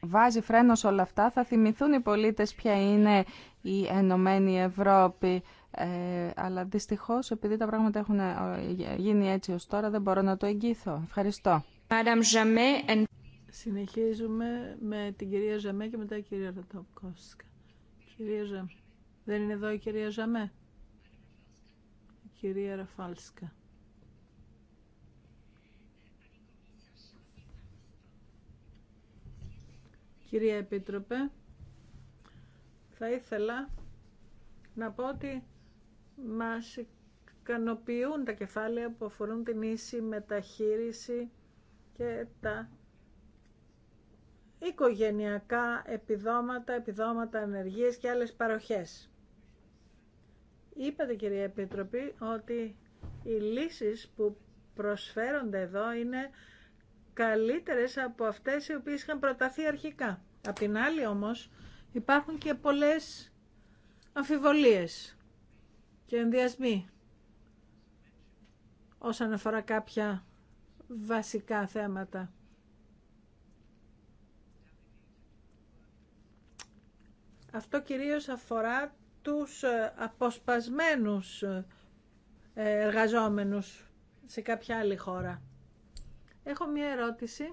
βάζει φρένο σε όλα αυτά, θα θυμηθούν οι πολίτες ποια είναι η Ενωμένη Ευρώπη ε, αλλά δυστυχώς επειδή τα πράγματα έχουν ε, γίνει έτσι ως τώρα δεν μπορώ να το εγγύθω. Ευχαριστώ. Συνεχίζουμε με την κυρία Ζαμέ και μετά η κυρία Ρατοκόσκα. Κυρία Ζαμέ. Δεν είναι εδώ η κυρία Ζαμέ. Η κυρία Ραφάλσκα. Κυρία Επίτροπε, θα ήθελα να πω ότι μας ικανοποιούν τα κεφάλαια που αφορούν την ίση μεταχείριση και τα οικογενειακά επιδόματα, επιδόματα ενεργείας και άλλες παροχές. Είπατε κυρία Επίτροπη ότι οι λύσεις που προσφέρονται εδώ είναι καλύτερες από αυτές οι οποίες είχαν προταθεί αρχικά. Απ' την άλλη όμως υπάρχουν και πολλές αμφιβολίες και ενδιασμοί όσον αφορά κάποια βασικά θέματα. Αυτό κυρίως αφορά τους ε, αποσπασμένους ε, εργαζόμενους σε κάποια άλλη χώρα. Έχω μία ερώτηση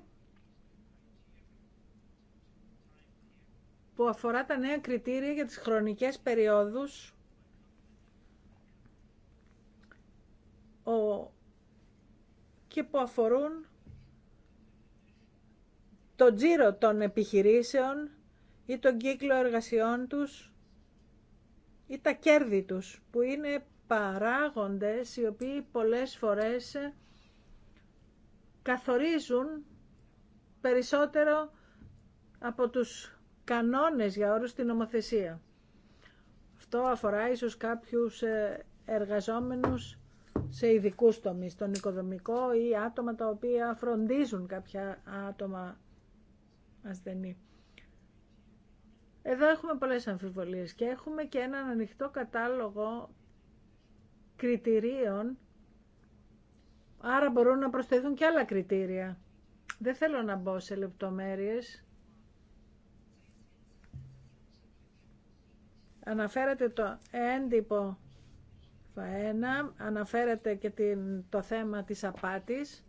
που αφορά τα νέα κριτήρια για τις χρονικές περιόδους και που αφορούν τον τζίρο των επιχειρήσεων ή τον κύκλο εργασιών τους ή τα κέρδη τους, που είναι παράγοντες οι οποίοι πολλές φορές καθορίζουν περισσότερο από τους κανόνες για όρους στην νομοθεσία. Αυτό αφορά ίσως κάποιους ε, εργαζόμενους σε ειδικού τομείς, τον οικοδομικό ή άτομα τα οποία φροντίζουν κάποια άτομα ασθενή. Εδώ έχουμε πολλές αμφιβολίες και έχουμε και έναν ανοιχτό κατάλογο κριτηρίων, άρα μπορούν να προσθεθούν και άλλα κριτήρια. Δεν θέλω να μπω σε λεπτομέρειες. Αναφέρατε το έντυπο αναφέρεται και το θέμα της απάτης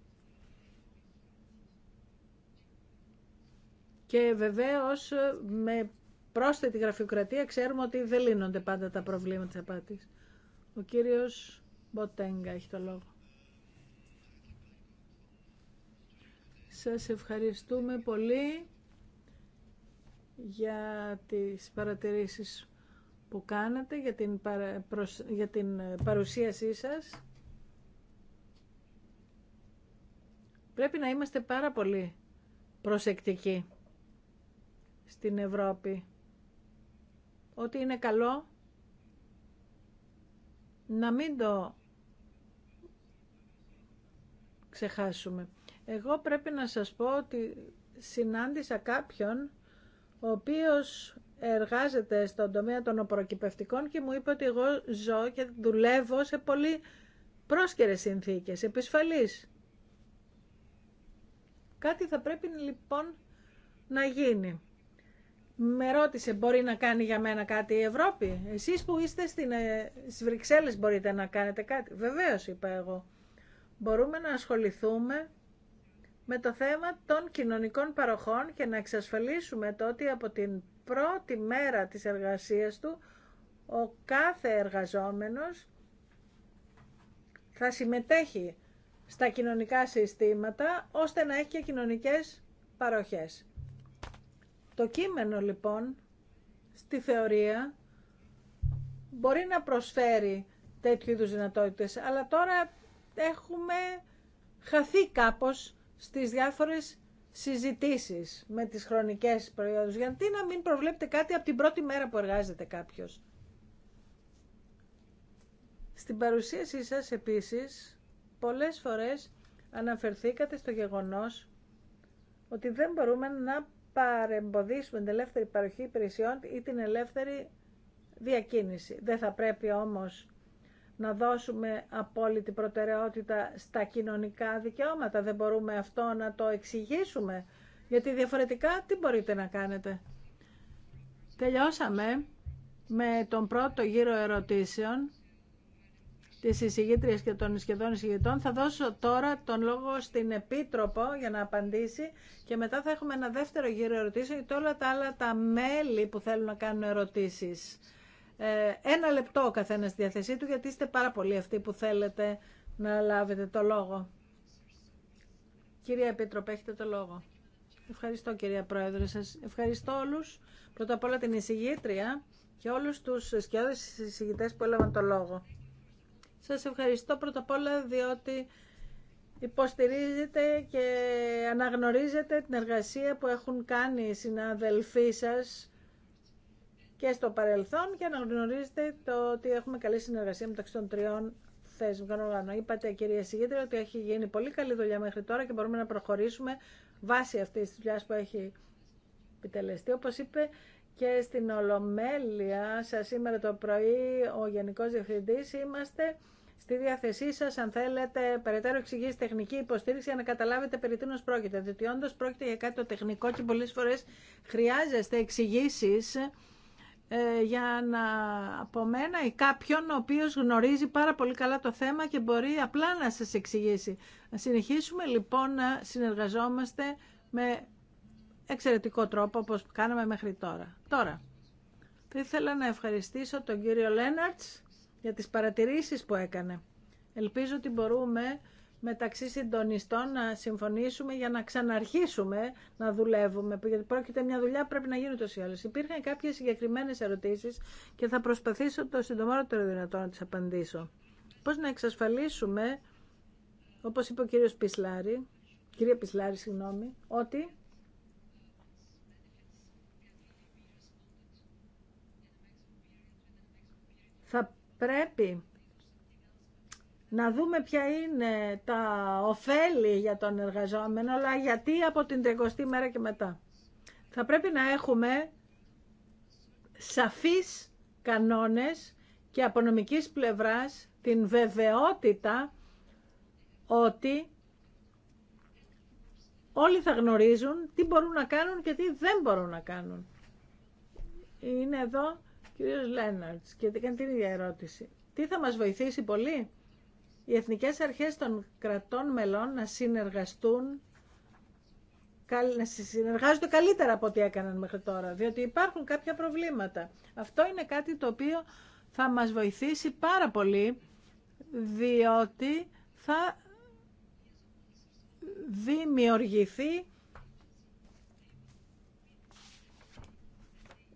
και βεβαίως με πρόσθετη γραφειοκρατία ξέρουμε ότι δεν λύνονται πάντα τα προβλήματα της απάτης. Ο κύριος Μποτέγκα έχει το λόγο. Σας ευχαριστούμε πολύ για τις παρατηρήσεις που κάνατε, για την, για την παρουσίασή σας. Πρέπει να είμαστε πάρα πολύ προσεκτικοί στην Ευρώπη. Ότι είναι καλό να μην το ξεχάσουμε. Εγώ πρέπει να σας πω ότι συνάντησα κάποιον ο οποίος εργάζεται στον τομέα των οπροκυπευτικών και μου είπε ότι εγώ ζω και δουλεύω σε πολύ πρόσκαιρες συνθήκες, επισφαλής. Κάτι θα πρέπει λοιπόν να γίνει. Με ρώτησε, μπορεί να κάνει για μένα κάτι η Ευρώπη. Εσείς που είστε στην, ε, Βρυξέλλες μπορείτε να κάνετε κάτι. Βεβαίως, είπα εγώ. Μπορούμε να ασχοληθούμε με το θέμα των κοινωνικών παροχών και να εξασφαλίσουμε το ότι από την πρώτη μέρα της εργασίας του ο κάθε εργαζόμενος θα συμμετέχει στα κοινωνικά συστήματα ώστε να έχει και κοινωνικές παροχές. Το κείμενο λοιπόν στη θεωρία μπορεί να προσφέρει τέτοιου είδους δυνατότητες αλλά τώρα έχουμε χαθεί κάπως στις διάφορες συζητήσεις με τις χρονικές περιόδους. Γιατί να μην προβλέπετε κάτι από την πρώτη μέρα που εργάζεται κάποιος. Στην παρουσίασή σας επίσης, πολλές φορές αναφερθήκατε στο γεγονός ότι δεν μπορούμε να παρεμποδίσουμε την ελεύθερη παροχή υπηρεσιών ή την ελεύθερη διακίνηση. Δεν θα πρέπει όμως να δώσουμε απόλυτη προτεραιότητα στα κοινωνικά δικαιώματα. Δεν μπορούμε αυτό να το εξηγήσουμε, γιατί διαφορετικά τι μπορείτε να κάνετε. Τελειώσαμε με τον πρώτο γύρο ερωτήσεων της εισηγήτριας και των σχεδόν εισηγητών. Θα δώσω τώρα τον λόγο στην Επίτροπο για να απαντήσει και μετά θα έχουμε ένα δεύτερο γύρο ερωτήσεων για όλα τα άλλα τα μέλη που θέλουν να κάνουν ερωτήσεις. Ε, ένα λεπτό ο καθένας στη διάθεσή του, γιατί είστε πάρα πολλοί αυτοί που θέλετε να λάβετε το λόγο. Κυρία Επίτροπε, έχετε το λόγο. Ευχαριστώ κυρία Πρόεδρε σας. Ευχαριστώ όλους. Πρώτα απ' όλα την εισηγήτρια και όλους τους σκιώδες εισηγητές που έλαβαν το λόγο. Σας ευχαριστώ πρώτα απ' όλα διότι υποστηρίζετε και αναγνωρίζετε την εργασία που έχουν κάνει οι συναδελφοί σας και στο παρελθόν για να γνωρίζετε το ότι έχουμε καλή συνεργασία μεταξύ των τριών θεσμικών οργάνων. Είπατε, κυρία Σιγήτρια, ότι έχει γίνει πολύ καλή δουλειά μέχρι τώρα και μπορούμε να προχωρήσουμε βάσει αυτή τη δουλειά που έχει επιτελεστεί. Όπω είπε και στην Ολομέλεια σα σήμερα το πρωί ο Γενικό Διευθυντή, είμαστε στη διάθεσή σα, αν θέλετε περαιτέρω εξηγήσει τεχνική υποστήριξη για να καταλάβετε περί τίνο πρόκειται. Διότι όντω πρόκειται για κάτι το τεχνικό και πολλέ φορέ χρειάζεστε εξηγήσει ε, για να από μένα ή κάποιον ο οποίος γνωρίζει πάρα πολύ καλά το θέμα και μπορεί απλά να σας εξηγήσει. Να συνεχίσουμε λοιπόν να συνεργαζόμαστε με εξαιρετικό τρόπο όπως κάναμε μέχρι τώρα. Τώρα, θα ήθελα να ευχαριστήσω τον κύριο Λέναρτς για τις παρατηρήσεις που έκανε. Ελπίζω ότι μπορούμε μεταξύ συντονιστών να συμφωνήσουμε για να ξαναρχίσουμε να δουλεύουμε. Γιατί πρόκειται μια δουλειά πρέπει να γίνει ούτως ή άλλως. Υπήρχαν κάποιες συγκεκριμένες ερωτήσεις και θα προσπαθήσω το συντομότερο δυνατό να τις απαντήσω. Πώς να εξασφαλίσουμε, όπως είπε ο κύριος Πισλάρη, κυρία Πισλάρη, συγγνώμη, ότι θα πρέπει να δούμε ποια είναι τα ωφέλη για τον εργαζόμενο, αλλά γιατί από την 30η μέρα και μετά. Θα πρέπει να έχουμε σαφείς κανόνες και από νομικής πλευράς την βεβαιότητα ότι όλοι θα γνωρίζουν τι μπορούν να κάνουν και τι δεν μπορούν να κάνουν. Είναι εδώ ο κύριος Λέναρτς και έκανε την ίδια ερώτηση. Τι θα μας βοηθήσει πολύ οι εθνικές αρχές των κρατών μελών να συνεργαστούν να συνεργάζονται καλύτερα από ό,τι έκαναν μέχρι τώρα, διότι υπάρχουν κάποια προβλήματα. Αυτό είναι κάτι το οποίο θα μας βοηθήσει πάρα πολύ, διότι θα δημιουργηθεί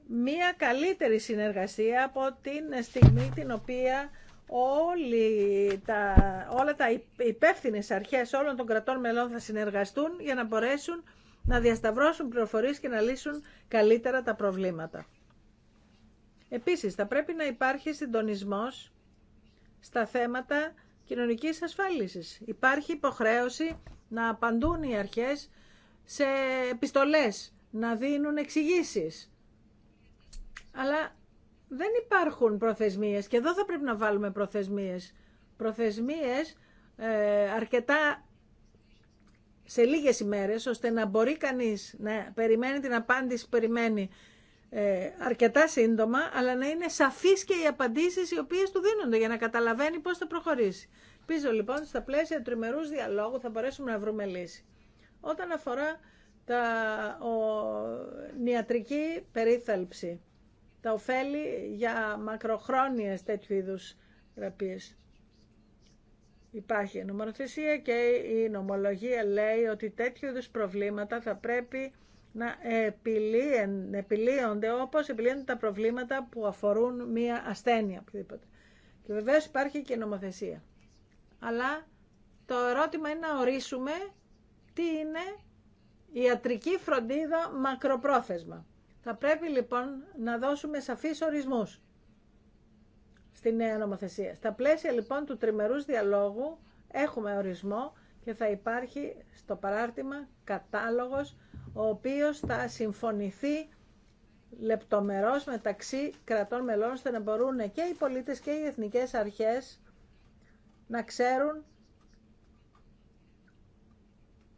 μία καλύτερη συνεργασία από την στιγμή την οποία όλοι τα, όλα τα υπεύθυνε αρχές όλων των κρατών μελών θα συνεργαστούν για να μπορέσουν να διασταυρώσουν πληροφορίες και να λύσουν καλύτερα τα προβλήματα. Επίσης, θα πρέπει να υπάρχει συντονισμός στα θέματα κοινωνικής ασφάλισης. Υπάρχει υποχρέωση να απαντούν οι αρχές σε επιστολές, να δίνουν εξηγήσει. Αλλά δεν υπάρχουν προθεσμίες και εδώ θα πρέπει να βάλουμε προθεσμίες. Προθεσμίες ε, αρκετά σε λίγες ημέρες, ώστε να μπορεί κανείς να περιμένει την απάντηση που περιμένει ε, αρκετά σύντομα, αλλά να είναι σαφείς και οι απαντήσεις οι οποίες του δίνονται για να καταλαβαίνει πώς θα προχωρήσει. Πίσω λοιπόν στα πλαίσια τριμερούς διαλόγου θα μπορέσουμε να βρούμε λύση. Όταν αφορά τα ο, νιατρική περίθαλψη τα ωφέλη για μακροχρόνιες τέτοιου είδους θεραπείες. Υπάρχει νομοθεσία και η νομολογία λέει ότι τέτοιου είδους προβλήματα θα πρέπει να επιλύονται όπως επιλύονται τα προβλήματα που αφορούν μία ασθένεια οποιοδήποτε. Και βεβαίως υπάρχει και νομοθεσία. Αλλά το ερώτημα είναι να ορίσουμε τι είναι ιατρική φροντίδα μακροπρόθεσμα. Θα πρέπει λοιπόν να δώσουμε σαφείς ορισμούς στη νέα νομοθεσία. Στα πλαίσια λοιπόν του τριμερούς διαλόγου έχουμε ορισμό και θα υπάρχει στο παράρτημα κατάλογος ο οποίος θα συμφωνηθεί λεπτομερώς μεταξύ κρατών μελών ώστε να μπορούν και οι πολίτες και οι εθνικές αρχές να ξέρουν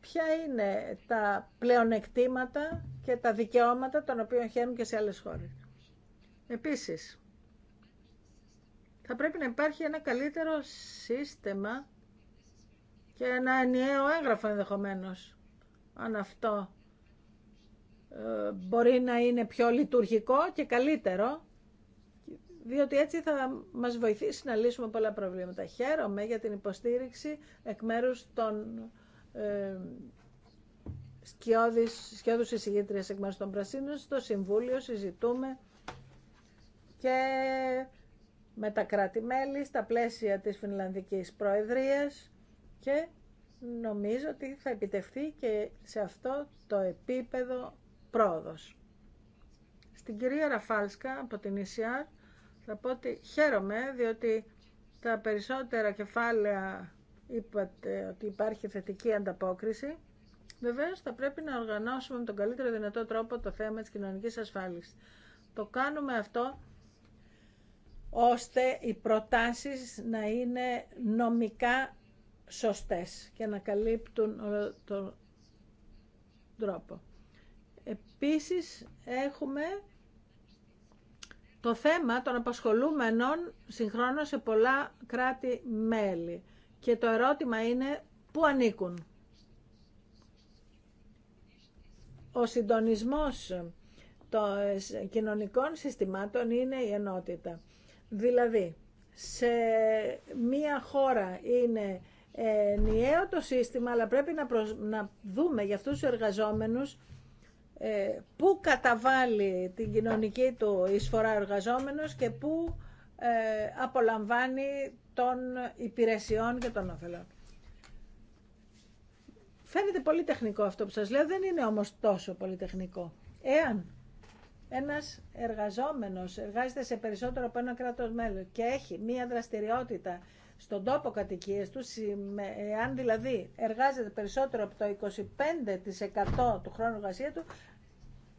ποια είναι τα πλεονεκτήματα και τα δικαιώματα των οποίων χαίρουν και σε άλλες χώρες. Επίσης, θα πρέπει να υπάρχει ένα καλύτερο σύστημα και ένα ενιαίο έγγραφο ενδεχομένω. αν αυτό ε, μπορεί να είναι πιο λειτουργικό και καλύτερο, διότι έτσι θα μας βοηθήσει να λύσουμε πολλά προβλήματα. Χαίρομαι για την υποστήριξη εκ μέρους των ε, σκιώδους εισηγήτριας εκ μέρους των Πρασίνων στο Συμβούλιο συζητούμε και με τα κράτη-μέλη στα πλαίσια της Φινλανδικής Προεδρίας και νομίζω ότι θα επιτευχθεί και σε αυτό το επίπεδο πρόοδος. Στην κυρία Ραφάλσκα από την ECR θα πω ότι χαίρομαι διότι τα περισσότερα κεφάλαια είπατε ότι υπάρχει θετική ανταπόκριση Βεβαίω θα πρέπει να οργανώσουμε με τον καλύτερο δυνατό τρόπο το θέμα της κοινωνικής ασφάλισης. Το κάνουμε αυτό ώστε οι προτάσεις να είναι νομικά σωστές και να καλύπτουν τον τρόπο. Επίσης έχουμε το θέμα των απασχολούμενων συγχρόνως σε πολλά κράτη-μέλη. Και το ερώτημα είναι πού ανήκουν. ο συντονισμός των κοινωνικών συστημάτων είναι η ενότητα. Δηλαδή, σε μία χώρα είναι ενιαίο το σύστημα, αλλά πρέπει να, να δούμε για αυτούς τους εργαζόμενους ε, πού καταβάλει την κοινωνική του εισφορά εργαζόμενος και πού ε, απολαμβάνει των υπηρεσιών και των όφελων. Φαίνεται πολύ τεχνικό αυτό που σας λέω, δεν είναι όμως τόσο πολύ τεχνικό. Εάν ένας εργαζόμενος εργάζεται σε περισσότερο από ένα κράτος μέλος και έχει μία δραστηριότητα στον τόπο κατοικίας του, εάν δηλαδή εργάζεται περισσότερο από το 25% του χρόνου εργασία του,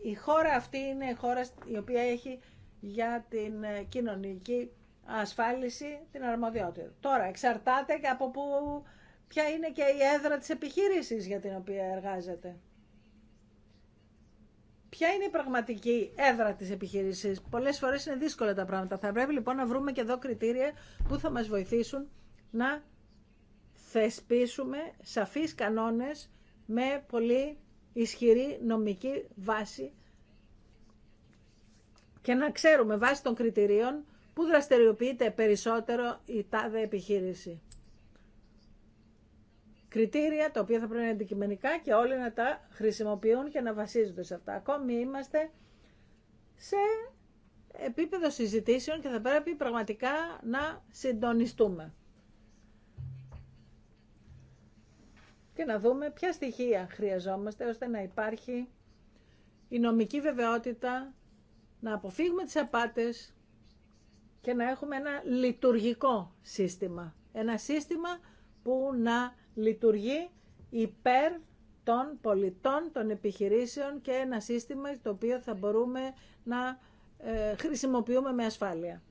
η χώρα αυτή είναι η χώρα η οποία έχει για την ε, κοινωνική ασφάλιση την αρμοδιότητα. Τώρα εξαρτάται και από πού ποια είναι και η έδρα της επιχείρησης για την οποία εργάζεται. Ποια είναι η πραγματική έδρα της επιχείρησης. Πολλές φορές είναι δύσκολα τα πράγματα. Θα πρέπει λοιπόν να βρούμε και εδώ κριτήρια που θα μας βοηθήσουν να θεσπίσουμε σαφείς κανόνες με πολύ ισχυρή νομική βάση και να ξέρουμε βάσει των κριτηρίων που δραστηριοποιείται περισσότερο η τάδε επιχείρηση κριτήρια τα οποία θα πρέπει να είναι αντικειμενικά και όλοι να τα χρησιμοποιούν και να βασίζονται σε αυτά. Ακόμη είμαστε σε επίπεδο συζητήσεων και θα πρέπει πραγματικά να συντονιστούμε. Και να δούμε ποια στοιχεία χρειαζόμαστε ώστε να υπάρχει η νομική βεβαιότητα, να αποφύγουμε τις απάτες και να έχουμε ένα λειτουργικό σύστημα. Ένα σύστημα που να λειτουργεί υπέρ των πολιτών, των επιχειρήσεων και ένα σύστημα το οποίο θα μπορούμε να ε, χρησιμοποιούμε με ασφάλεια.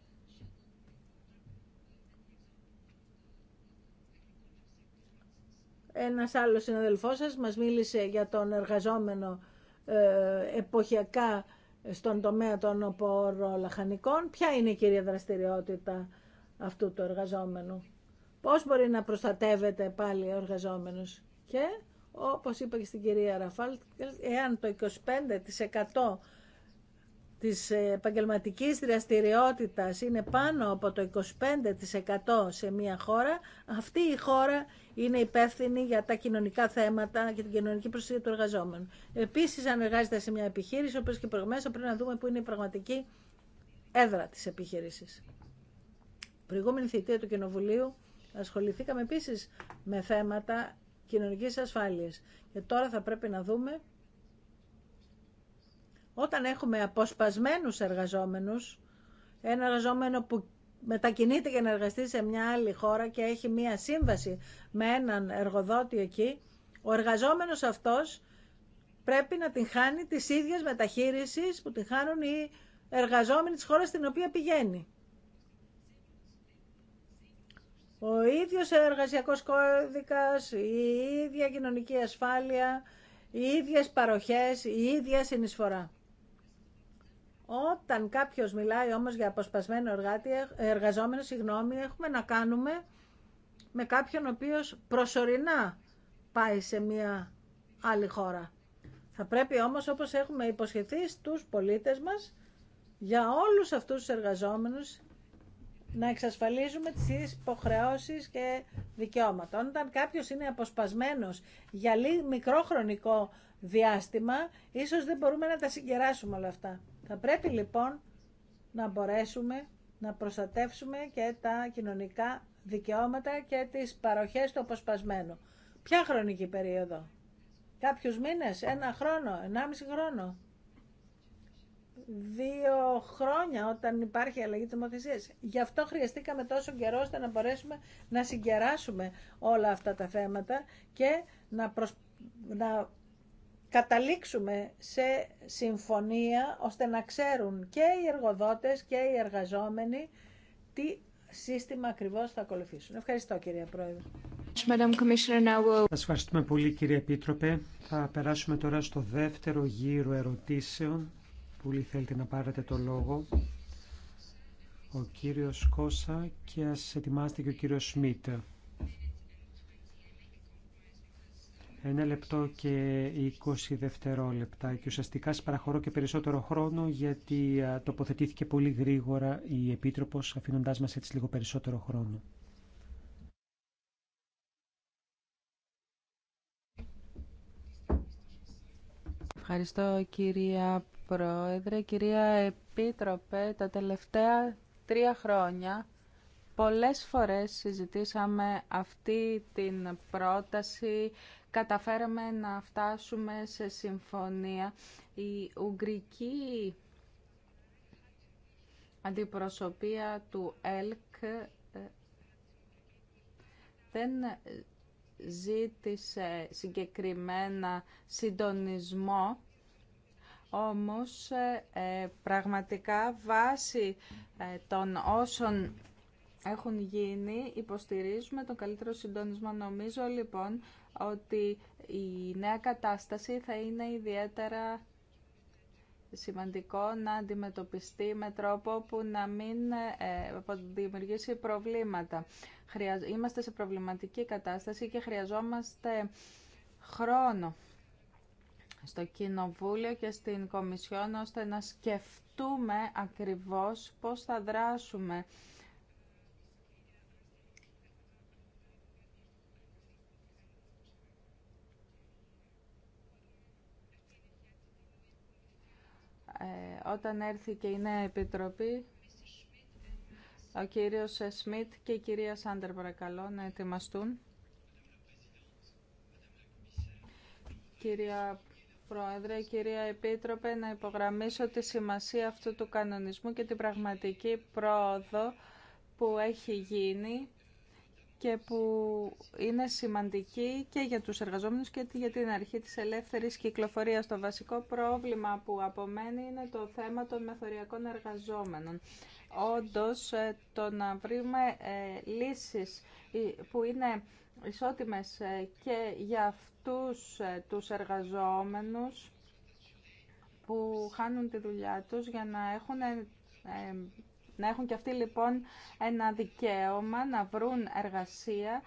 Ένας άλλος συναδελφός σας μας μίλησε για τον εργαζόμενο ε, εποχιακά στον τομέα των λαχανικών. Ποια είναι η κυρία δραστηριότητα αυτού του εργαζόμενου πώς μπορεί να προστατεύεται πάλι ο εργαζόμενος. Και όπως είπα και στην κυρία Ραφάλ, εάν το 25% της επαγγελματική δραστηριότητας είναι πάνω από το 25% σε μια χώρα, αυτή η χώρα είναι υπεύθυνη για τα κοινωνικά θέματα και την κοινωνική προστασία του εργαζόμενου. Επίσης, αν εργάζεται σε μια επιχείρηση, όπως και προηγουμένως, πρέπει να δούμε πού είναι η πραγματική έδρα της επιχείρησης. Προηγούμενη θητεία του Κοινοβουλίου ασχοληθήκαμε επίσης με θέματα κοινωνικής ασφάλειας. Και τώρα θα πρέπει να δούμε όταν έχουμε αποσπασμένους εργαζόμενους, ένα εργαζόμενο που μετακινείται για να εργαστεί σε μια άλλη χώρα και έχει μια σύμβαση με έναν εργοδότη εκεί, ο εργαζόμενος αυτός πρέπει να την χάνει της ίδιας μεταχείρισης που την χάνουν οι εργαζόμενοι της χώρας στην οποία πηγαίνει. Ο ίδιος εργασιακός κώδικας, η ίδια κοινωνική ασφάλεια, οι ίδιες παροχές, η ίδια συνεισφορά. Όταν κάποιος μιλάει όμως για αποσπασμένο εργάτη, ε, εργαζόμενο, συγγνώμη, έχουμε να κάνουμε με κάποιον ο οποίος προσωρινά πάει σε μια άλλη χώρα. Θα πρέπει όμως όπως έχουμε υποσχεθεί στους πολίτες μας, για όλους αυτούς τους εργαζόμενους να εξασφαλίζουμε τις υποχρεώσεις και δικαιώματα. Όταν κάποιος είναι αποσπασμένος για μικρό χρονικό διάστημα, ίσως δεν μπορούμε να τα συγκεράσουμε όλα αυτά. Θα πρέπει λοιπόν να μπορέσουμε να προστατεύσουμε και τα κοινωνικά δικαιώματα και τις παροχές του αποσπασμένου. Ποια χρονική περίοδο? Κάποιους μήνες, ένα χρόνο, ενάμιση χρόνο δύο χρόνια όταν υπάρχει αλλαγή της νομοθεσίας. Γι' αυτό χρειαστήκαμε τόσο καιρό ώστε να μπορέσουμε να συγκεράσουμε όλα αυτά τα θέματα και να, να καταλήξουμε σε συμφωνία ώστε να ξέρουν και οι εργοδότες και οι εργαζόμενοι τι σύστημα ακριβώς θα ακολουθήσουν. Ευχαριστώ κυρία Πρόεδρε. Σας ευχαριστούμε πολύ κύριε Επίτροπε. Θα περάσουμε τώρα στο δεύτερο γύρο ερωτήσεων πολύ θέλετε να πάρετε το λόγο. Ο κύριος Κώσα και ας ετοιμάστε και ο κύριος Σμίτ. Ένα λεπτό και 20 δευτερόλεπτα και ουσιαστικά σας παραχωρώ και περισσότερο χρόνο γιατί τοποθετήθηκε πολύ γρήγορα η Επίτροπος αφήνοντάς μας έτσι λίγο περισσότερο χρόνο. Ευχαριστώ κυρία Πρόεδρε, κυρία Επίτροπε, τα τελευταία τρία χρόνια πολλές φορές συζητήσαμε αυτή την πρόταση, καταφέραμε να φτάσουμε σε συμφωνία. Η Ουγγρική αντιπροσωπεία του ΕΛΚ ε, δεν ζήτησε συγκεκριμένα συντονισμό όμως ε, ε, πραγματικά βάσει ε, των όσων έχουν γίνει, υποστηρίζουμε τον καλύτερο συντονισμό. Νομίζω λοιπόν ότι η νέα κατάσταση θα είναι ιδιαίτερα σημαντικό να αντιμετωπιστεί με τρόπο που να μην δημιουργήσει προβλήματα. Είμαστε σε προβληματική κατάσταση και χρειαζόμαστε χρόνο στο Κοινοβούλιο και στην Κομισιόν ώστε να σκεφτούμε ακριβώς πώς θα δράσουμε. Ε, όταν έρθει και η νέα επιτροπή, ο κύριος Σμιτ και η κυρία Σάντερ παρακαλώ να ετοιμαστούν. Κυρία Πρόεδρε, κυρία Επίτροπε, να υπογραμμίσω τη σημασία αυτού του κανονισμού και την πραγματική πρόοδο που έχει γίνει και που είναι σημαντική και για τους εργαζόμενους και για την αρχή της ελεύθερης κυκλοφορίας. Το βασικό πρόβλημα που απομένει είναι το θέμα των μεθοριακών εργαζόμενων. Όντως, ε, το να βρούμε ε, λύσεις ε, που είναι ισότιμες ε, και για αυτούς ε, τους εργαζόμενους που χάνουν τη δουλειά τους για να έχουν, ε, να έχουν και αυτοί λοιπόν ένα δικαίωμα να βρουν εργασία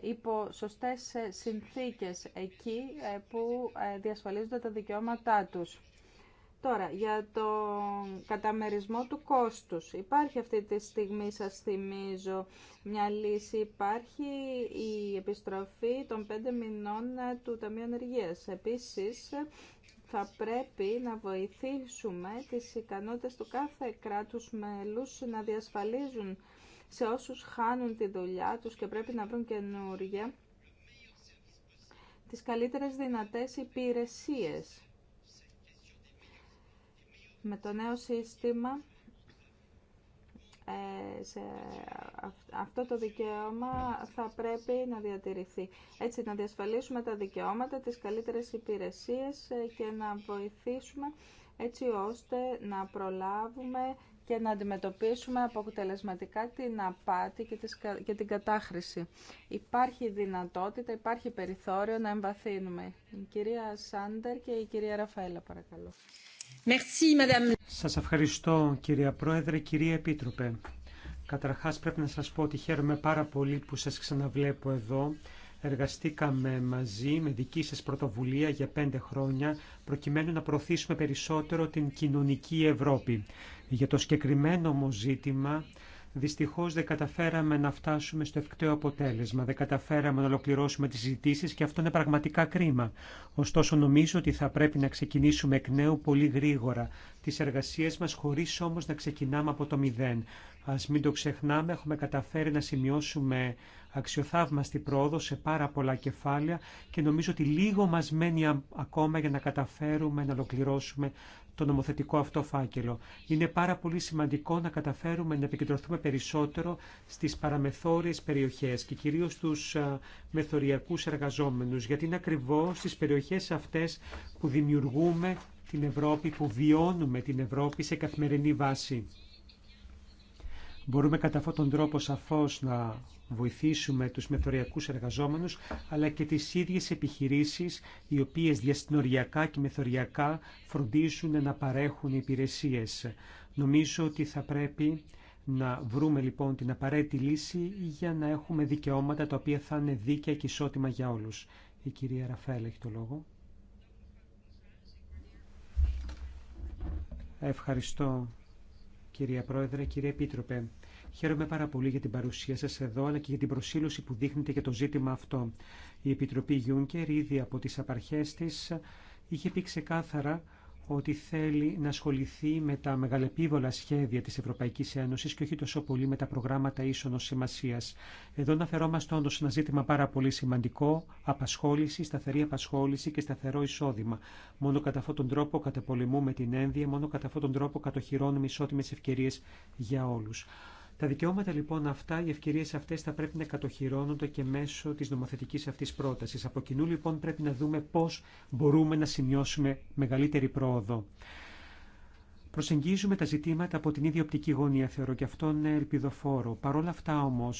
υπό σωστές συνθήκες εκεί που διασφαλίζονται τα δικαιώματά τους. Τώρα, για τον καταμερισμό του κόστους. Υπάρχει αυτή τη στιγμή, σας θυμίζω, μια λύση. Υπάρχει η επιστροφή των πέντε μηνών του Ταμείου Ενεργείας. Επίσης, θα πρέπει να βοηθήσουμε τις ικανότητες του κάθε κράτους μελούς να διασφαλίζουν σε όσους χάνουν τη δουλειά τους και πρέπει να βρουν καινούργια τις καλύτερες δυνατές υπηρεσίες με το νέο σύστημα ε, αυτό το δικαίωμα θα πρέπει να διατηρηθεί. Έτσι να διασφαλίσουμε τα δικαιώματα, τις καλύτερες υπηρεσίες ε, και να βοηθήσουμε έτσι ώστε να προλάβουμε και να αντιμετωπίσουμε αποτελεσματικά την απάτη και την κατάχρηση. Υπάρχει δυνατότητα, υπάρχει περιθώριο να εμβαθύνουμε. Η κυρία Σάντερ και η κυρία Ραφαέλα παρακαλώ. Merci, Σας ευχαριστώ κυρία Πρόεδρε, κυρία Επίτροπε. Καταρχάς πρέπει να σας πω ότι χαίρομαι πάρα πολύ που σας ξαναβλέπω εδώ. Εργαστήκαμε μαζί με δική σας πρωτοβουλία για πέντε χρόνια προκειμένου να προωθήσουμε περισσότερο την κοινωνική Ευρώπη. Για το συγκεκριμένο μου ζήτημα Δυστυχώ δεν καταφέραμε να φτάσουμε στο ευκταίο αποτέλεσμα, δεν καταφέραμε να ολοκληρώσουμε τι συζητήσει και αυτό είναι πραγματικά κρίμα. Ωστόσο νομίζω ότι θα πρέπει να ξεκινήσουμε εκ νέου πολύ γρήγορα τις εργασίες μα χωρί όμω να ξεκινάμε από το μηδέν. Α μην το ξεχνάμε, έχουμε καταφέρει να σημειώσουμε αξιοθαύμαστη πρόοδο σε πάρα πολλά κεφάλαια και νομίζω ότι λίγο μας μένει ακόμα για να καταφέρουμε να ολοκληρώσουμε το νομοθετικό αυτό φάκελο. Είναι πάρα πολύ σημαντικό να καταφέρουμε να επικεντρωθούμε περισσότερο στις παραμεθόρειες περιοχές και κυρίως στους μεθοριακούς εργαζόμενους, γιατί είναι ακριβώς στις περιοχές αυτές που δημιουργούμε την Ευρώπη, που βιώνουμε την Ευρώπη σε καθημερινή βάση. Μπορούμε κατά αυτόν τον τρόπο σαφώς να βοηθήσουμε τους μεθοριακούς εργαζόμενους, αλλά και τις ίδιες επιχειρήσεις οι οποίες διαστηνοριακά και μεθοριακά φροντίζουν να παρέχουν υπηρεσίες. Νομίζω ότι θα πρέπει να βρούμε λοιπόν την απαραίτητη λύση για να έχουμε δικαιώματα τα οποία θα είναι δίκαια και ισότιμα για όλους. Η κυρία Ραφέλα έχει το λόγο. Ευχαριστώ κυρία Πρόεδρε, κύριε Επίτροπε. Χαίρομαι πάρα πολύ για την παρουσία σας εδώ, αλλά και για την προσήλωση που δείχνετε για το ζήτημα αυτό. Η Επιτροπή Γιούνκερ ήδη από τις απαρχές της είχε πει ξεκάθαρα ότι θέλει να ασχοληθεί με τα μεγαλεπίβολα σχέδια της Ευρωπαϊκής Ένωσης και όχι τόσο πολύ με τα προγράμματα ίσονος σημασία. Εδώ αναφερόμαστε όντως σε ένα ζήτημα πάρα πολύ σημαντικό, απασχόληση, σταθερή απασχόληση και σταθερό εισόδημα. Μόνο κατά αυτόν τον τρόπο κατεπολεμούμε την ένδυα, μόνο κατά αυτόν τον τρόπο κατοχυρώνουμε ισότιμες ευκαιρίες για όλους. Τα δικαιώματα λοιπόν αυτά, οι ευκαιρίε αυτέ θα πρέπει να κατοχυρώνονται και μέσω τη νομοθετική αυτή πρόταση. Από κοινού λοιπόν πρέπει να δούμε πώ μπορούμε να σημειώσουμε μεγαλύτερη πρόοδο. Προσεγγίζουμε τα ζητήματα από την ίδια οπτική γωνία, θεωρώ, και αυτό είναι ελπιδοφόρο. Παρ' όλα αυτά όμω,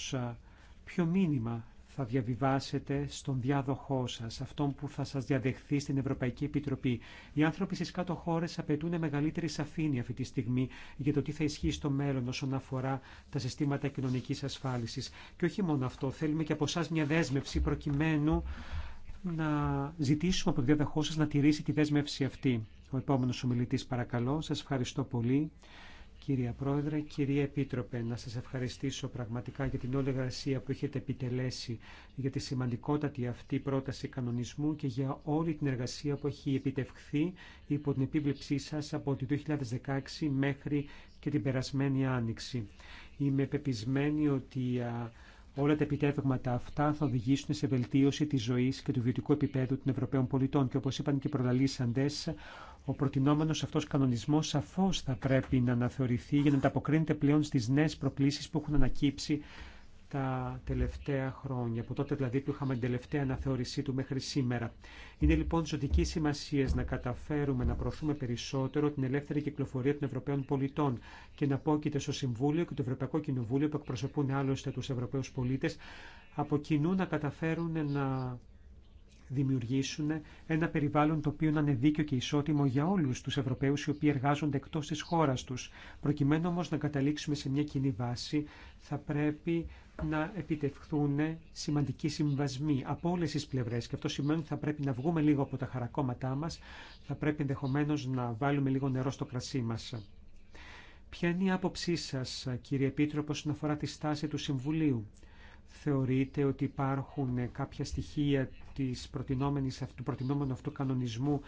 ποιο μήνυμα θα διαβιβάσετε στον διάδοχό σα αυτόν που θα σα διαδεχθεί στην Ευρωπαϊκή Επιτροπή. Οι άνθρωποι στι κάτω χώρε απαιτούν μεγαλύτερη σαφήνεια αυτή τη στιγμή για το τι θα ισχύει στο μέλλον όσον αφορά τα συστήματα κοινωνική ασφάλισης. Και όχι μόνο αυτό, θέλουμε και από εσά μια δέσμευση προκειμένου να ζητήσουμε από τον διάδοχό σα να τηρήσει τη δέσμευση αυτή. Ο επόμενο ομιλητή, παρακαλώ. Σα ευχαριστώ πολύ. Κύριε Πρόεδρε, κύριε Επίτροπε, να σας ευχαριστήσω πραγματικά για την όλη εργασία που έχετε επιτελέσει, για τη σημαντικότατη αυτή πρόταση κανονισμού και για όλη την εργασία που έχει επιτευχθεί υπό την επίβλεψή σας από το 2016 μέχρι και την περασμένη Άνοιξη. Είμαι πεπισμένη ότι Όλα τα επιτεύγματα αυτά θα οδηγήσουν σε βελτίωση τη ζωή και του βιωτικού επίπεδου των Ευρωπαίων πολιτών. Και όπω είπαν και οι προλαλήσαντε, ο προτινόμενο αυτό κανονισμό σαφώ θα πρέπει να αναθεωρηθεί για να ανταποκρίνεται πλέον στι νέε προκλήσει που έχουν ανακύψει τα τελευταία χρόνια, από τότε δηλαδή που είχαμε την τελευταία αναθεώρησή του μέχρι σήμερα. Είναι λοιπόν ζωτική σημασία να καταφέρουμε να προωθούμε περισσότερο την ελεύθερη κυκλοφορία των Ευρωπαίων πολιτών και να πόκειται στο Συμβούλιο και το Ευρωπαϊκό Κοινοβούλιο που εκπροσωπούν άλλωστε του Ευρωπαίου πολίτε, από κοινού να καταφέρουν να δημιουργήσουν ένα περιβάλλον το οποίο να είναι δίκαιο και ισότιμο για όλου του Ευρωπαίου οι οποίοι εργάζονται εκτό τη χώρα του. Προκειμένου όμω να καταλήξουμε σε μια κοινή βάση, θα πρέπει να επιτευχθούν σημαντικοί συμβασμοί από όλε τι πλευρέ. Και αυτό σημαίνει ότι θα πρέπει να βγούμε λίγο από τα χαρακόμματά μα, θα πρέπει ενδεχομένω να βάλουμε λίγο νερό στο κρασί μα. Ποια είναι η άποψή σα, κύριε Επίτροπο, όσον αφορά τη στάση του Συμβουλίου. Θεωρείτε ότι υπάρχουν κάποια στοιχεία της του προτινόμενου αυτού κανονισμού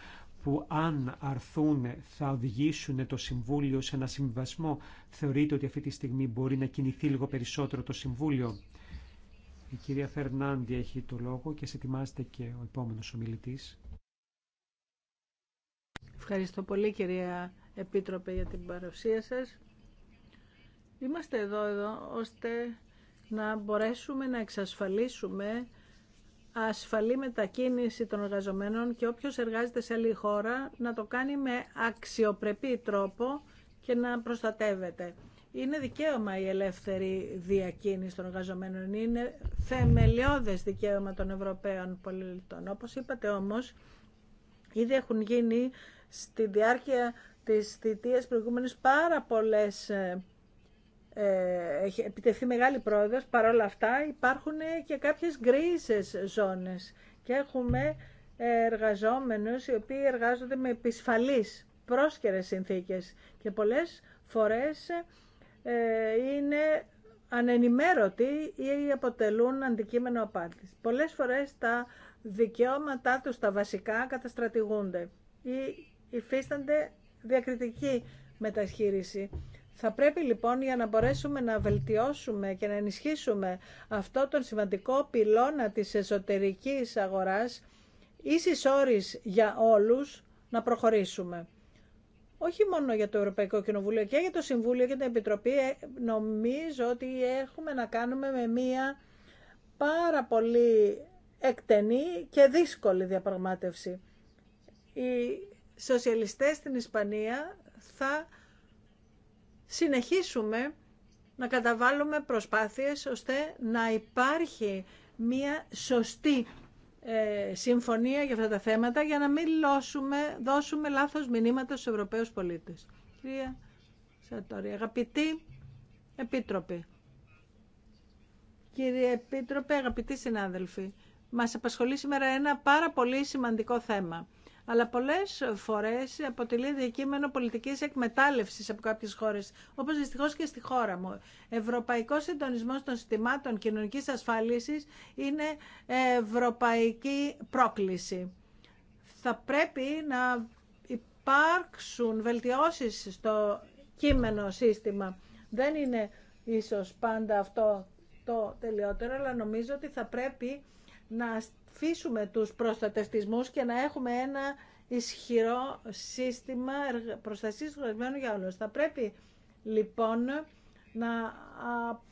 που αν αρθούν θα οδηγήσουν το Συμβούλιο σε ένα συμβασμό. Θεωρείτε ότι αυτή τη στιγμή μπορεί να κινηθεί λίγο περισσότερο το Συμβούλιο. Η κυρία Φερνάνδη έχει το λόγο και σε ετοιμάζεται και ο επόμενος ομιλητής. Ευχαριστώ πολύ κυρία Επίτροπε για την παρουσία σας. Είμαστε εδώ, εδώ ώστε να μπορέσουμε να εξασφαλίσουμε ασφαλή μετακίνηση των εργαζομένων και όποιος εργάζεται σε άλλη χώρα να το κάνει με αξιοπρεπή τρόπο και να προστατεύεται. Είναι δικαίωμα η ελεύθερη διακίνηση των εργαζομένων, είναι θεμελιώδες δικαίωμα των Ευρωπαίων πολιτών. Όπως είπατε όμως, ήδη έχουν γίνει στη διάρκεια της θητείας προηγούμενης πάρα πολλές ε, ε, έχει επιτευχθεί μεγάλη πρόοδος, παρόλα αυτά υπάρχουν και κάποιες γκρίζες ζώνες και έχουμε εργαζόμενους οι οποίοι εργάζονται με επισφαλείς πρόσκαιρες συνθήκες και πολλές φορές ε, είναι ανενημέρωτοι ή αποτελούν αντικείμενο απάτης. Πολλές φορές τα δικαιώματά τους τα βασικά καταστρατηγούνται ή υφίστανται διακριτική μεταχείριση. Θα πρέπει λοιπόν για να μπορέσουμε να βελτιώσουμε και να ενισχύσουμε αυτό τον σημαντικό πυλώνα της εσωτερικής αγοράς ίσης όρης για όλους να προχωρήσουμε. Όχι μόνο για το Ευρωπαϊκό Κοινοβούλιο και για το Συμβούλιο και την Επιτροπή ε, νομίζω ότι έχουμε να κάνουμε με μία πάρα πολύ εκτενή και δύσκολη διαπραγμάτευση. Οι σοσιαλιστές στην Ισπανία θα συνεχίσουμε να καταβάλουμε προσπάθειες ώστε να υπάρχει μία σωστή ε, συμφωνία για αυτά τα θέματα για να μην λώσουμε, δώσουμε λάθος μηνύματα στους Ευρωπαίους πολίτες. Κυρία Σατόρη, αγαπητοί Επίτροποι, κύριε Επίτροπε, αγαπητοί συνάδελφοι, μας απασχολεί σήμερα ένα πάρα πολύ σημαντικό θέμα αλλά πολλέ φορέ αποτελεί διακείμενο πολιτική εκμετάλλευση από κάποιε χώρε. Όπω δυστυχώ και στη χώρα μου. Ευρωπαϊκό συντονισμό των συστημάτων κοινωνική ασφάλισης είναι ευρωπαϊκή πρόκληση. Θα πρέπει να υπάρξουν βελτιώσει στο κείμενο σύστημα. Δεν είναι ίσως πάντα αυτό το τελειότερο, αλλά νομίζω ότι θα πρέπει να αφήσουμε τους προστατευτισμούς και να έχουμε ένα ισχυρό σύστημα προστασίας του εργασμένου για όλους. Θα πρέπει λοιπόν να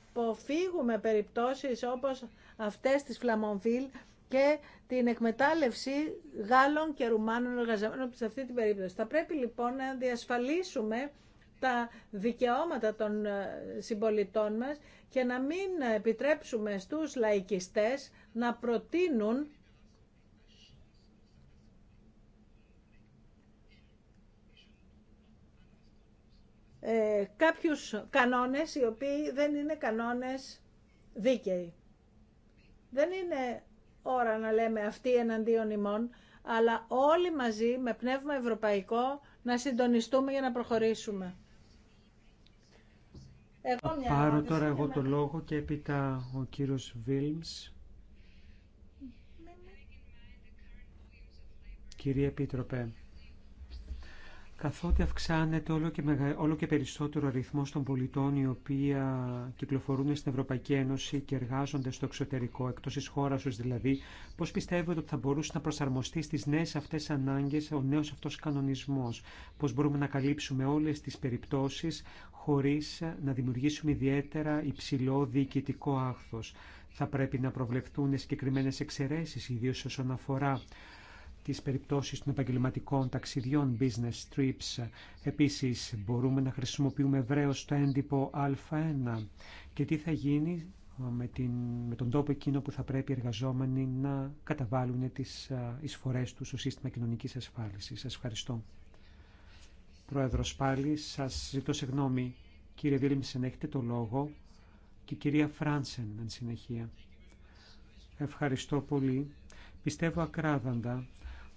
αποφύγουμε περιπτώσεις όπως αυτές της Φλαμονβίλ και την εκμετάλλευση Γάλλων και Ρουμάνων εργαζομένων σε αυτή την περίπτωση. Θα πρέπει λοιπόν να διασφαλίσουμε τα δικαιώματα των ε, συμπολιτών μας και να μην επιτρέψουμε στους λαϊκιστές να προτείνουν ε, κάποιους κανόνες οι οποίοι δεν είναι κανόνες δίκαιοι. Δεν είναι ώρα να λέμε αυτοί εναντίον ημών, αλλά όλοι μαζί με πνεύμα ευρωπαϊκό να συντονιστούμε για να προχωρήσουμε. Εγώ Πάρω τώρα εγώ το λόγο και έπειτα ο κύριος Βίλμς. κύριε Επίτροπε, καθότι αυξάνεται όλο και, μεγα... όλο και περισσότερο αριθμό των πολιτών οι οποίοι κυκλοφορούν στην Ευρωπαϊκή Ένωση και εργάζονται στο εξωτερικό, εκτός της χώρας τους δηλαδή, πώς πιστεύετε ότι θα μπορούσε να προσαρμοστεί στις νέες αυτές ανάγκες ο νέος αυτός κανονισμός, πώς μπορούμε να καλύψουμε όλες τις περιπτώσεις χωρίς να δημιουργήσουμε ιδιαίτερα υψηλό διοικητικό άχθος. Θα πρέπει να προβλεφθούν συγκεκριμένε εξαιρέσει, ιδίω όσον αφορά τις περιπτώσεις των επαγγελματικών ταξιδιών business trips. Επίσης, μπορούμε να χρησιμοποιούμε ευρέω το έντυπο Α1 και τι θα γίνει με, την, με τον τόπο εκείνο που θα πρέπει οι εργαζόμενοι να καταβάλουν τις εισφορές τους στο σύστημα κοινωνικής ασφάλισης. Σας ευχαριστώ. Πρόεδρος πάλι, σας ζητώ σε συγγνώμη. Κύριε να έχετε το λόγο και κυρία Φράνσεν, εν συνεχεία. Ευχαριστώ πολύ. Πιστεύω ακράδαντα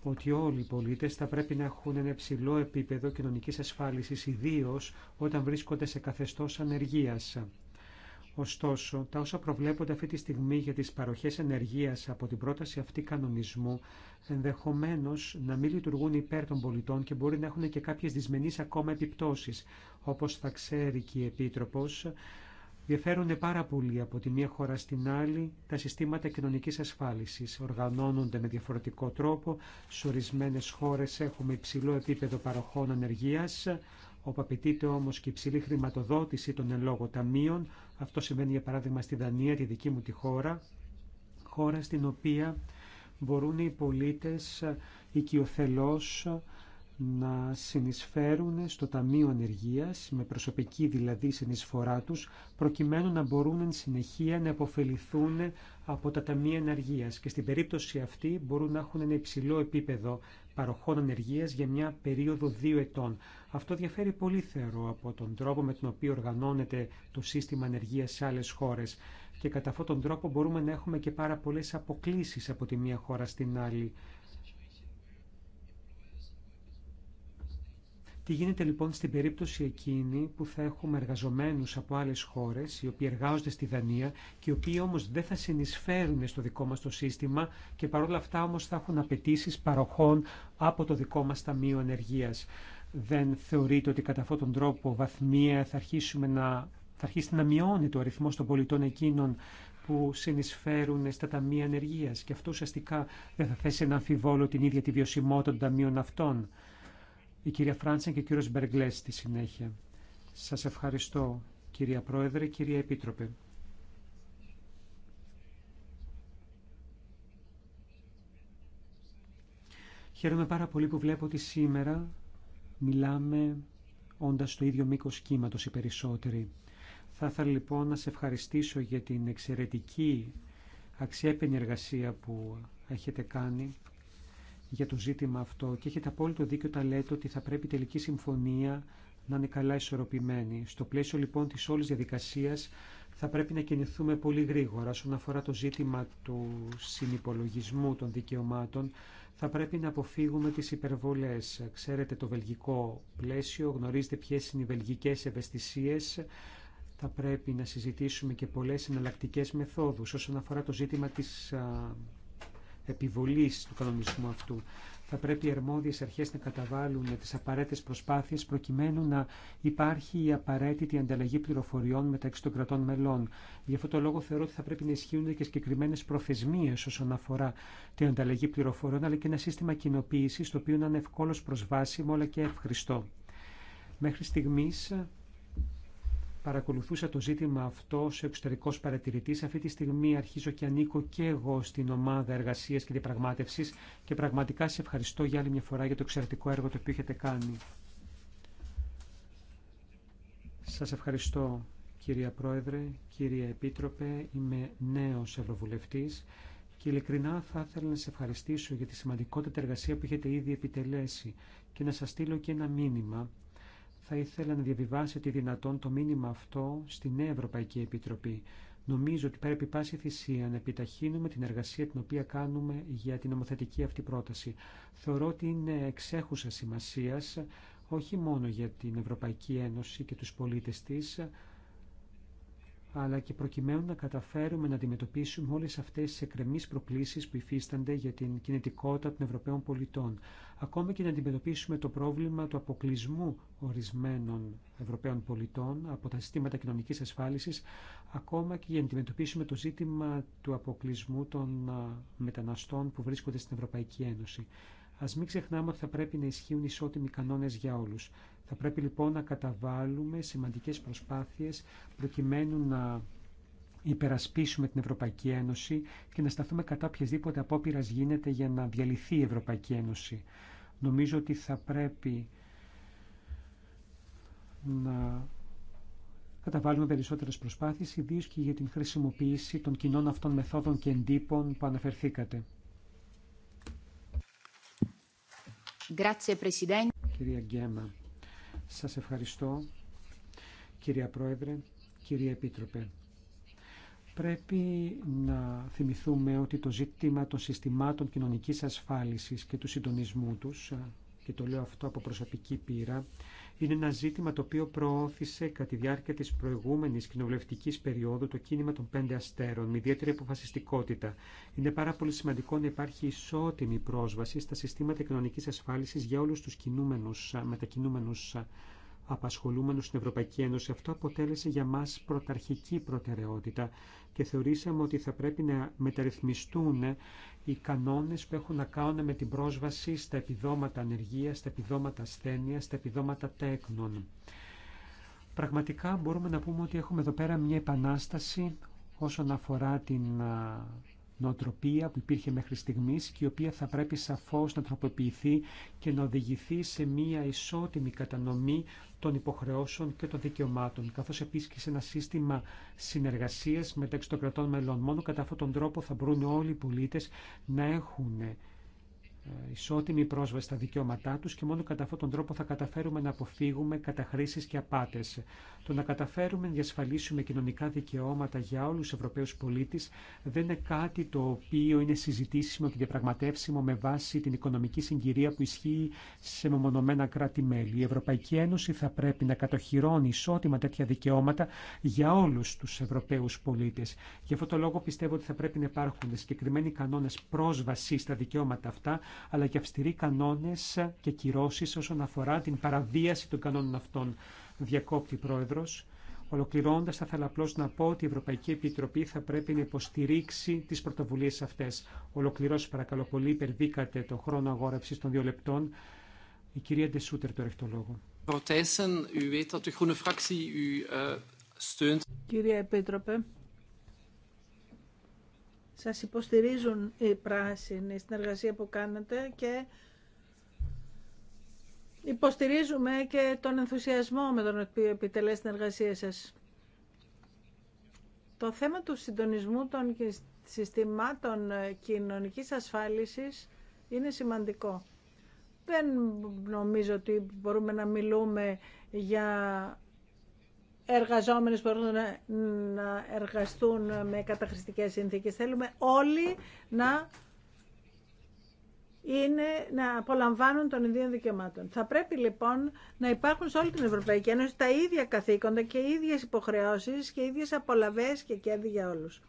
ότι όλοι οι πολίτες θα πρέπει να έχουν ένα υψηλό επίπεδο κοινωνικής ασφάλισης, ιδίως όταν βρίσκονται σε καθεστώς ανεργίας. Ωστόσο, τα όσα προβλέπονται αυτή τη στιγμή για τις παροχές ενεργείας από την πρόταση αυτή κανονισμού ενδεχομένως να μην λειτουργούν υπέρ των πολιτών και μπορεί να έχουν και κάποιες δυσμενείς ακόμα επιπτώσεις. Όπως θα ξέρει και η Επίτροπος, Διαφέρουν πάρα πολύ από τη μία χώρα στην άλλη τα συστήματα κοινωνικής ασφάλισης. Οργανώνονται με διαφορετικό τρόπο. Σε ορισμένε χώρες έχουμε υψηλό επίπεδο παροχών ανεργίας, όπου απαιτείται όμως και υψηλή χρηματοδότηση των εν λόγω ταμείων. Αυτό σημαίνει για παράδειγμα στη Δανία, τη δική μου τη χώρα, χώρα στην οποία μπορούν οι πολίτες οικειοθελώς να συνεισφέρουν στο Ταμείο Ανεργίας, με προσωπική δηλαδή συνεισφορά τους, προκειμένου να μπορούν εν συνεχεία να αποφεληθούν από τα Ταμεία Ανεργίας και στην περίπτωση αυτή μπορούν να έχουν ένα υψηλό επίπεδο παροχών ανεργίας για μια περίοδο δύο ετών. Αυτό διαφέρει πολύ θεωρώ από τον τρόπο με τον οποίο οργανώνεται το σύστημα ανεργίας σε άλλες χώρες και κατά αυτόν τον τρόπο μπορούμε να έχουμε και πάρα πολλές αποκλήσεις από τη μία χώρα στην άλλη. Τι γίνεται λοιπόν στην περίπτωση εκείνη που θα έχουμε εργαζομένους από άλλες χώρες, οι οποίοι εργάζονται στη Δανία και οι οποίοι όμως δεν θα συνεισφέρουν στο δικό μας το σύστημα και παρόλα αυτά όμως θα έχουν απαιτήσει παροχών από το δικό μας Ταμείο Ενεργείας. Δεν θεωρείτε ότι κατά αυτόν τον τρόπο βαθμία θα, αρχίσουμε να, θα αρχίσει να μειώνει το αριθμό των πολιτών εκείνων που συνεισφέρουν στα ταμεία ενεργείας και αυτό ουσιαστικά δεν θα θέσει να αμφιβόλο την ίδια τη βιωσιμότητα των ταμείων αυτών η κυρία Φράνσεν και ο κύριος Μπεργλές στη συνέχεια. Σας ευχαριστώ κυρία Πρόεδρε, κυρία Επίτροπε. Χαίρομαι πάρα πολύ που βλέπω ότι σήμερα μιλάμε όντας το ίδιο μήκος κύματος οι περισσότεροι. Θα ήθελα λοιπόν να σε ευχαριστήσω για την εξαιρετική αξιέπαινη εργασία που έχετε κάνει για το ζήτημα αυτό και έχετε απόλυτο δίκιο όταν λέτε ότι θα πρέπει η τελική συμφωνία να είναι καλά ισορροπημένη. Στο πλαίσιο λοιπόν της όλης διαδικασίας θα πρέπει να κινηθούμε πολύ γρήγορα όσον αφορά το ζήτημα του συνυπολογισμού των δικαιωμάτων. Θα πρέπει να αποφύγουμε τις υπερβολές. Ξέρετε το βελγικό πλαίσιο, γνωρίζετε ποιες είναι οι βελγικές ευαισθησίες. Θα πρέπει να συζητήσουμε και πολλές εναλλακτικέ μεθόδους όσον αφορά το ζήτημα της επιβολής του κανονισμού αυτού. Θα πρέπει οι αρμόδιες αρχές να καταβάλουν τις απαραίτητες προσπάθειες προκειμένου να υπάρχει η απαραίτητη ανταλλαγή πληροφοριών μεταξύ των κρατών μελών. Γι' αυτό το λόγο θεωρώ ότι θα πρέπει να ισχύουν και συγκεκριμένε προθεσμίες όσον αφορά την ανταλλαγή πληροφοριών, αλλά και ένα σύστημα κοινοποίηση το οποίο να είναι ευκόλως προσβάσιμο αλλά και ευχριστό. Μέχρι στιγμής παρακολουθούσα το ζήτημα αυτό σε εξωτερικός παρατηρητής. Αυτή τη στιγμή αρχίζω και ανήκω και εγώ στην ομάδα εργασίας και διαπραγμάτευσης και πραγματικά σε ευχαριστώ για άλλη μια φορά για το εξαιρετικό έργο το οποίο έχετε κάνει. Σας ευχαριστώ κυρία Πρόεδρε, κυρία Επίτροπε, είμαι νέος Ευρωβουλευτής και ειλικρινά θα ήθελα να σε ευχαριστήσω για τη σημαντικότητα εργασία που έχετε ήδη επιτελέσει και να σας στείλω και ένα μήνυμα θα ήθελα να διαβιβάσετε δυνατόν το μήνυμα αυτό στη Νέα Ευρωπαϊκή Επιτροπή. Νομίζω ότι πρέπει πάση θυσία να επιταχύνουμε την εργασία την οποία κάνουμε για την νομοθετική αυτή πρόταση. Θεωρώ ότι είναι εξέχουσα σημασίας όχι μόνο για την Ευρωπαϊκή Ένωση και τους πολίτες της, αλλά και προκειμένου να καταφέρουμε να αντιμετωπίσουμε όλες αυτές τις εκκρεμείς προκλήσεις που υφίστανται για την κινητικότητα των Ευρωπαίων πολιτών. Ακόμα και να αντιμετωπίσουμε το πρόβλημα του αποκλεισμού ορισμένων Ευρωπαίων πολιτών από τα συστήματα κοινωνικής ασφάλισης, ακόμα και για να αντιμετωπίσουμε το ζήτημα του αποκλεισμού των μεταναστών που βρίσκονται στην Ευρωπαϊκή Ένωση. Α μην ξεχνάμε ότι θα πρέπει να ισχύουν ισότιμοι κανόνε για όλου. Θα πρέπει λοιπόν να καταβάλουμε σημαντικές προσπάθειες προκειμένου να υπερασπίσουμε την Ευρωπαϊκή Ένωση και να σταθούμε κατά οποιασδήποτε απόπειρα γίνεται για να διαλυθεί η Ευρωπαϊκή Ένωση. Νομίζω ότι θα πρέπει να καταβάλουμε περισσότερες προσπάθειες, ιδίως και για την χρησιμοποίηση των κοινών αυτών μεθόδων και εντύπων που αναφερθήκατε. Κυρία Γκέμα, σας ευχαριστώ, κυρία Πρόεδρε, κύριε Επίτροπε. Πρέπει να θυμηθούμε ότι το ζήτημα των συστημάτων κοινωνικής ασφάλισης και του συντονισμού τους και το λέω αυτό από προσωπική πείρα, είναι ένα ζήτημα το οποίο προώθησε κατά τη διάρκεια της προηγούμενης κοινοβουλευτικής περίοδου το κίνημα των πέντε αστέρων με ιδιαίτερη αποφασιστικότητα. Είναι πάρα πολύ σημαντικό να υπάρχει ισότιμη πρόσβαση στα συστήματα κοινωνικής ασφάλισης για όλους τους μετακινούμενους απασχολούμενους στην Ευρωπαϊκή Ένωση. Αυτό αποτέλεσε για μας πρωταρχική προτεραιότητα και θεωρήσαμε ότι θα πρέπει να μεταρρυθμιστούν οι κανόνες που έχουν να κάνουν με την πρόσβαση στα επιδόματα ανεργίας, στα επιδόματα ασθένειας, στα επιδόματα τέκνων. Πραγματικά μπορούμε να πούμε ότι έχουμε εδώ πέρα μια επανάσταση όσον αφορά την νοοτροπία που υπήρχε μέχρι στιγμή, και η οποία θα πρέπει σαφώς να τροποποιηθεί και να οδηγηθεί σε μία ισότιμη κατανομή των υποχρεώσεων και των δικαιωμάτων, καθώς επίση και σε ένα σύστημα συνεργασία μεταξύ των κρατών μελών. Μόνο κατά αυτόν τον τρόπο θα μπορούν όλοι οι πολίτες να έχουν ισότιμη πρόσβαση στα δικαιώματά τους και μόνο κατά αυτόν τον τρόπο θα καταφέρουμε να αποφύγουμε καταχρήσεις και απάτες. Το να καταφέρουμε να διασφαλίσουμε κοινωνικά δικαιώματα για όλους τους Ευρωπαίους πολίτες δεν είναι κάτι το οποίο είναι συζητήσιμο και διαπραγματεύσιμο με βάση την οικονομική συγκυρία που ισχύει σε μεμονωμένα κράτη-μέλη. Η Ευρωπαϊκή Ένωση θα πρέπει να κατοχυρώνει ισότιμα τέτοια δικαιώματα για όλους τους Ευρωπαίους πολίτες. Γι' αυτό το λόγο πιστεύω ότι θα πρέπει να υπάρχουν συγκεκριμένοι κανόνες πρόσβαση στα δικαιώματα αυτά αλλά και αυστηροί κανόνε και κυρώσει όσον αφορά την παραβίαση των κανόνων αυτών. Διακόπτη πρόεδρο, Ολοκληρώνοντα, θα ήθελα απλώ να πω ότι η Ευρωπαϊκή Επιτροπή θα πρέπει να υποστηρίξει τι πρωτοβουλίε αυτέ. Ολοκληρώσω, παρακαλώ πολύ, υπερβήκατε το χρόνο αγόρευση των δύο λεπτών. Η κυρία Ντεσούτερ τώρα έχει το λόγο. Äh, κυρία Επίτροπε, σας υποστηρίζουν οι πράσινοι στην εργασία που κάνετε και υποστηρίζουμε και τον ενθουσιασμό με τον οποίο επιτελέσετε την εργασία σας. Το θέμα του συντονισμού των συστημάτων ε, κοινωνικής ασφάλισης είναι σημαντικό. Δεν νομίζω ότι μπορούμε να μιλούμε για Εργαζόμενοι μπορούν να εργαστούν με καταχρηστικές συνθήκες. Θέλουμε όλοι να είναι να απολαμβάνουν των ιδίων δικαιωμάτων. Θα πρέπει λοιπόν να υπάρχουν σε όλη την Ευρωπαϊκή Ένωση τα ίδια καθήκοντα και οι ίδιες υποχρεώσεις και οι ίδιες απολαβές και κέρδη για όλους.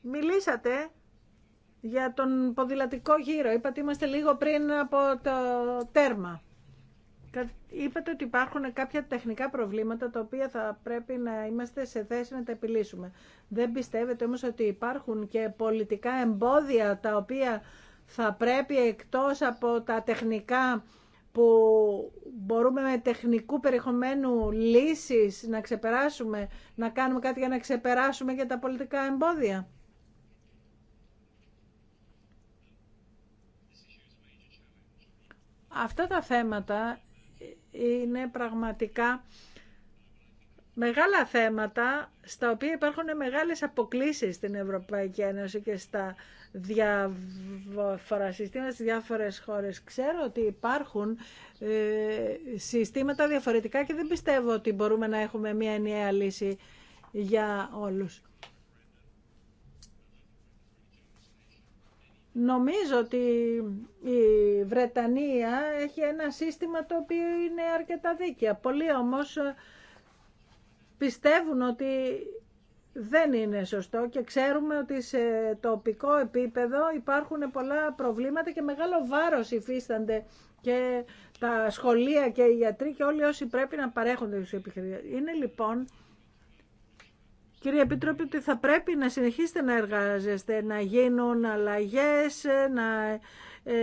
Μιλήσατε για τον ποδηλατικό γύρο. Είπατε είμαστε λίγο πριν από το τέρμα. Είπατε ότι υπάρχουν κάποια τεχνικά προβλήματα τα οποία θα πρέπει να είμαστε σε θέση να τα επιλύσουμε. Δεν πιστεύετε όμως ότι υπάρχουν και πολιτικά εμπόδια τα οποία θα πρέπει εκτός από τα τεχνικά που μπορούμε με τεχνικού περιεχομένου λύσεις να ξεπεράσουμε, να κάνουμε κάτι για να ξεπεράσουμε και τα πολιτικά εμπόδια. Αυτά τα θέματα είναι πραγματικά μεγάλα θέματα στα οποία υπάρχουν μεγάλες αποκλίσεις στην Ευρωπαϊκή Ένωση και στα διάφορα συστήματα στις διάφορες χώρες. Ξέρω ότι υπάρχουν ε, συστήματα διαφορετικά και δεν πιστεύω ότι μπορούμε να έχουμε μία ενιαία λύση για όλους. Νομίζω ότι η Βρετανία έχει ένα σύστημα το οποίο είναι αρκετά δίκαια. Πολλοί όμως ε, πιστεύουν ότι δεν είναι σωστό και ξέρουμε ότι σε τοπικό επίπεδο υπάρχουν πολλά προβλήματα και μεγάλο βάρος υφίστανται και τα σχολεία και οι γιατροί και όλοι όσοι πρέπει να παρέχονται τους επιχειρήσεις. Είναι λοιπόν Κύριε Επίτροπε, ότι θα πρέπει να συνεχίσετε να εργάζεστε, να γίνουν αλλαγές, να ε,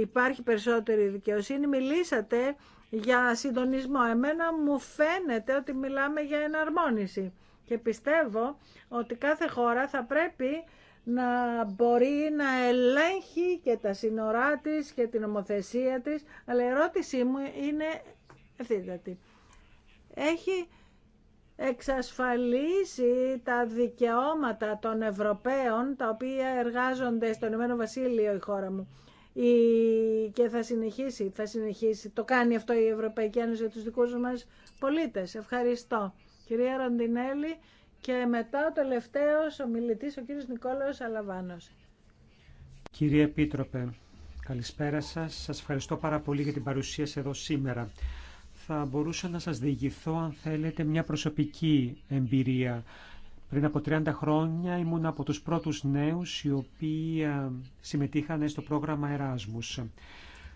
υπάρχει περισσότερη δικαιοσύνη. Μιλήσατε για συντονισμό. Εμένα μου φαίνεται ότι μιλάμε για εναρμόνιση και πιστεύω ότι κάθε χώρα θα πρέπει να μπορεί να ελέγχει και τα σύνορά της και την ομοθεσία της, αλλά η ερώτησή μου είναι ευθύντατη. Έχει εξασφαλίσει τα δικαιώματα των Ευρωπαίων τα οποία εργάζονται στον Ηνωμένο Βασίλειο η χώρα μου και θα συνεχίσει, θα συνεχίσει. Το κάνει αυτό η Ευρωπαϊκή Ένωση για τους δικούς μας πολίτες. Ευχαριστώ. Κυρία Ροντινέλη και μετά ο τελευταίος μιλητής, ο κύριος Νικόλαος Αλαβάνος. Κύριε Επίτροπε, καλησπέρα σας. Σας ευχαριστώ πάρα πολύ για την παρουσία σας εδώ σήμερα θα μπορούσα να σας διηγηθώ, αν θέλετε, μια προσωπική εμπειρία. Πριν από 30 χρόνια ήμουν από τους πρώτους νέους οι οποίοι ε, συμμετείχαν στο πρόγραμμα Εράσμους.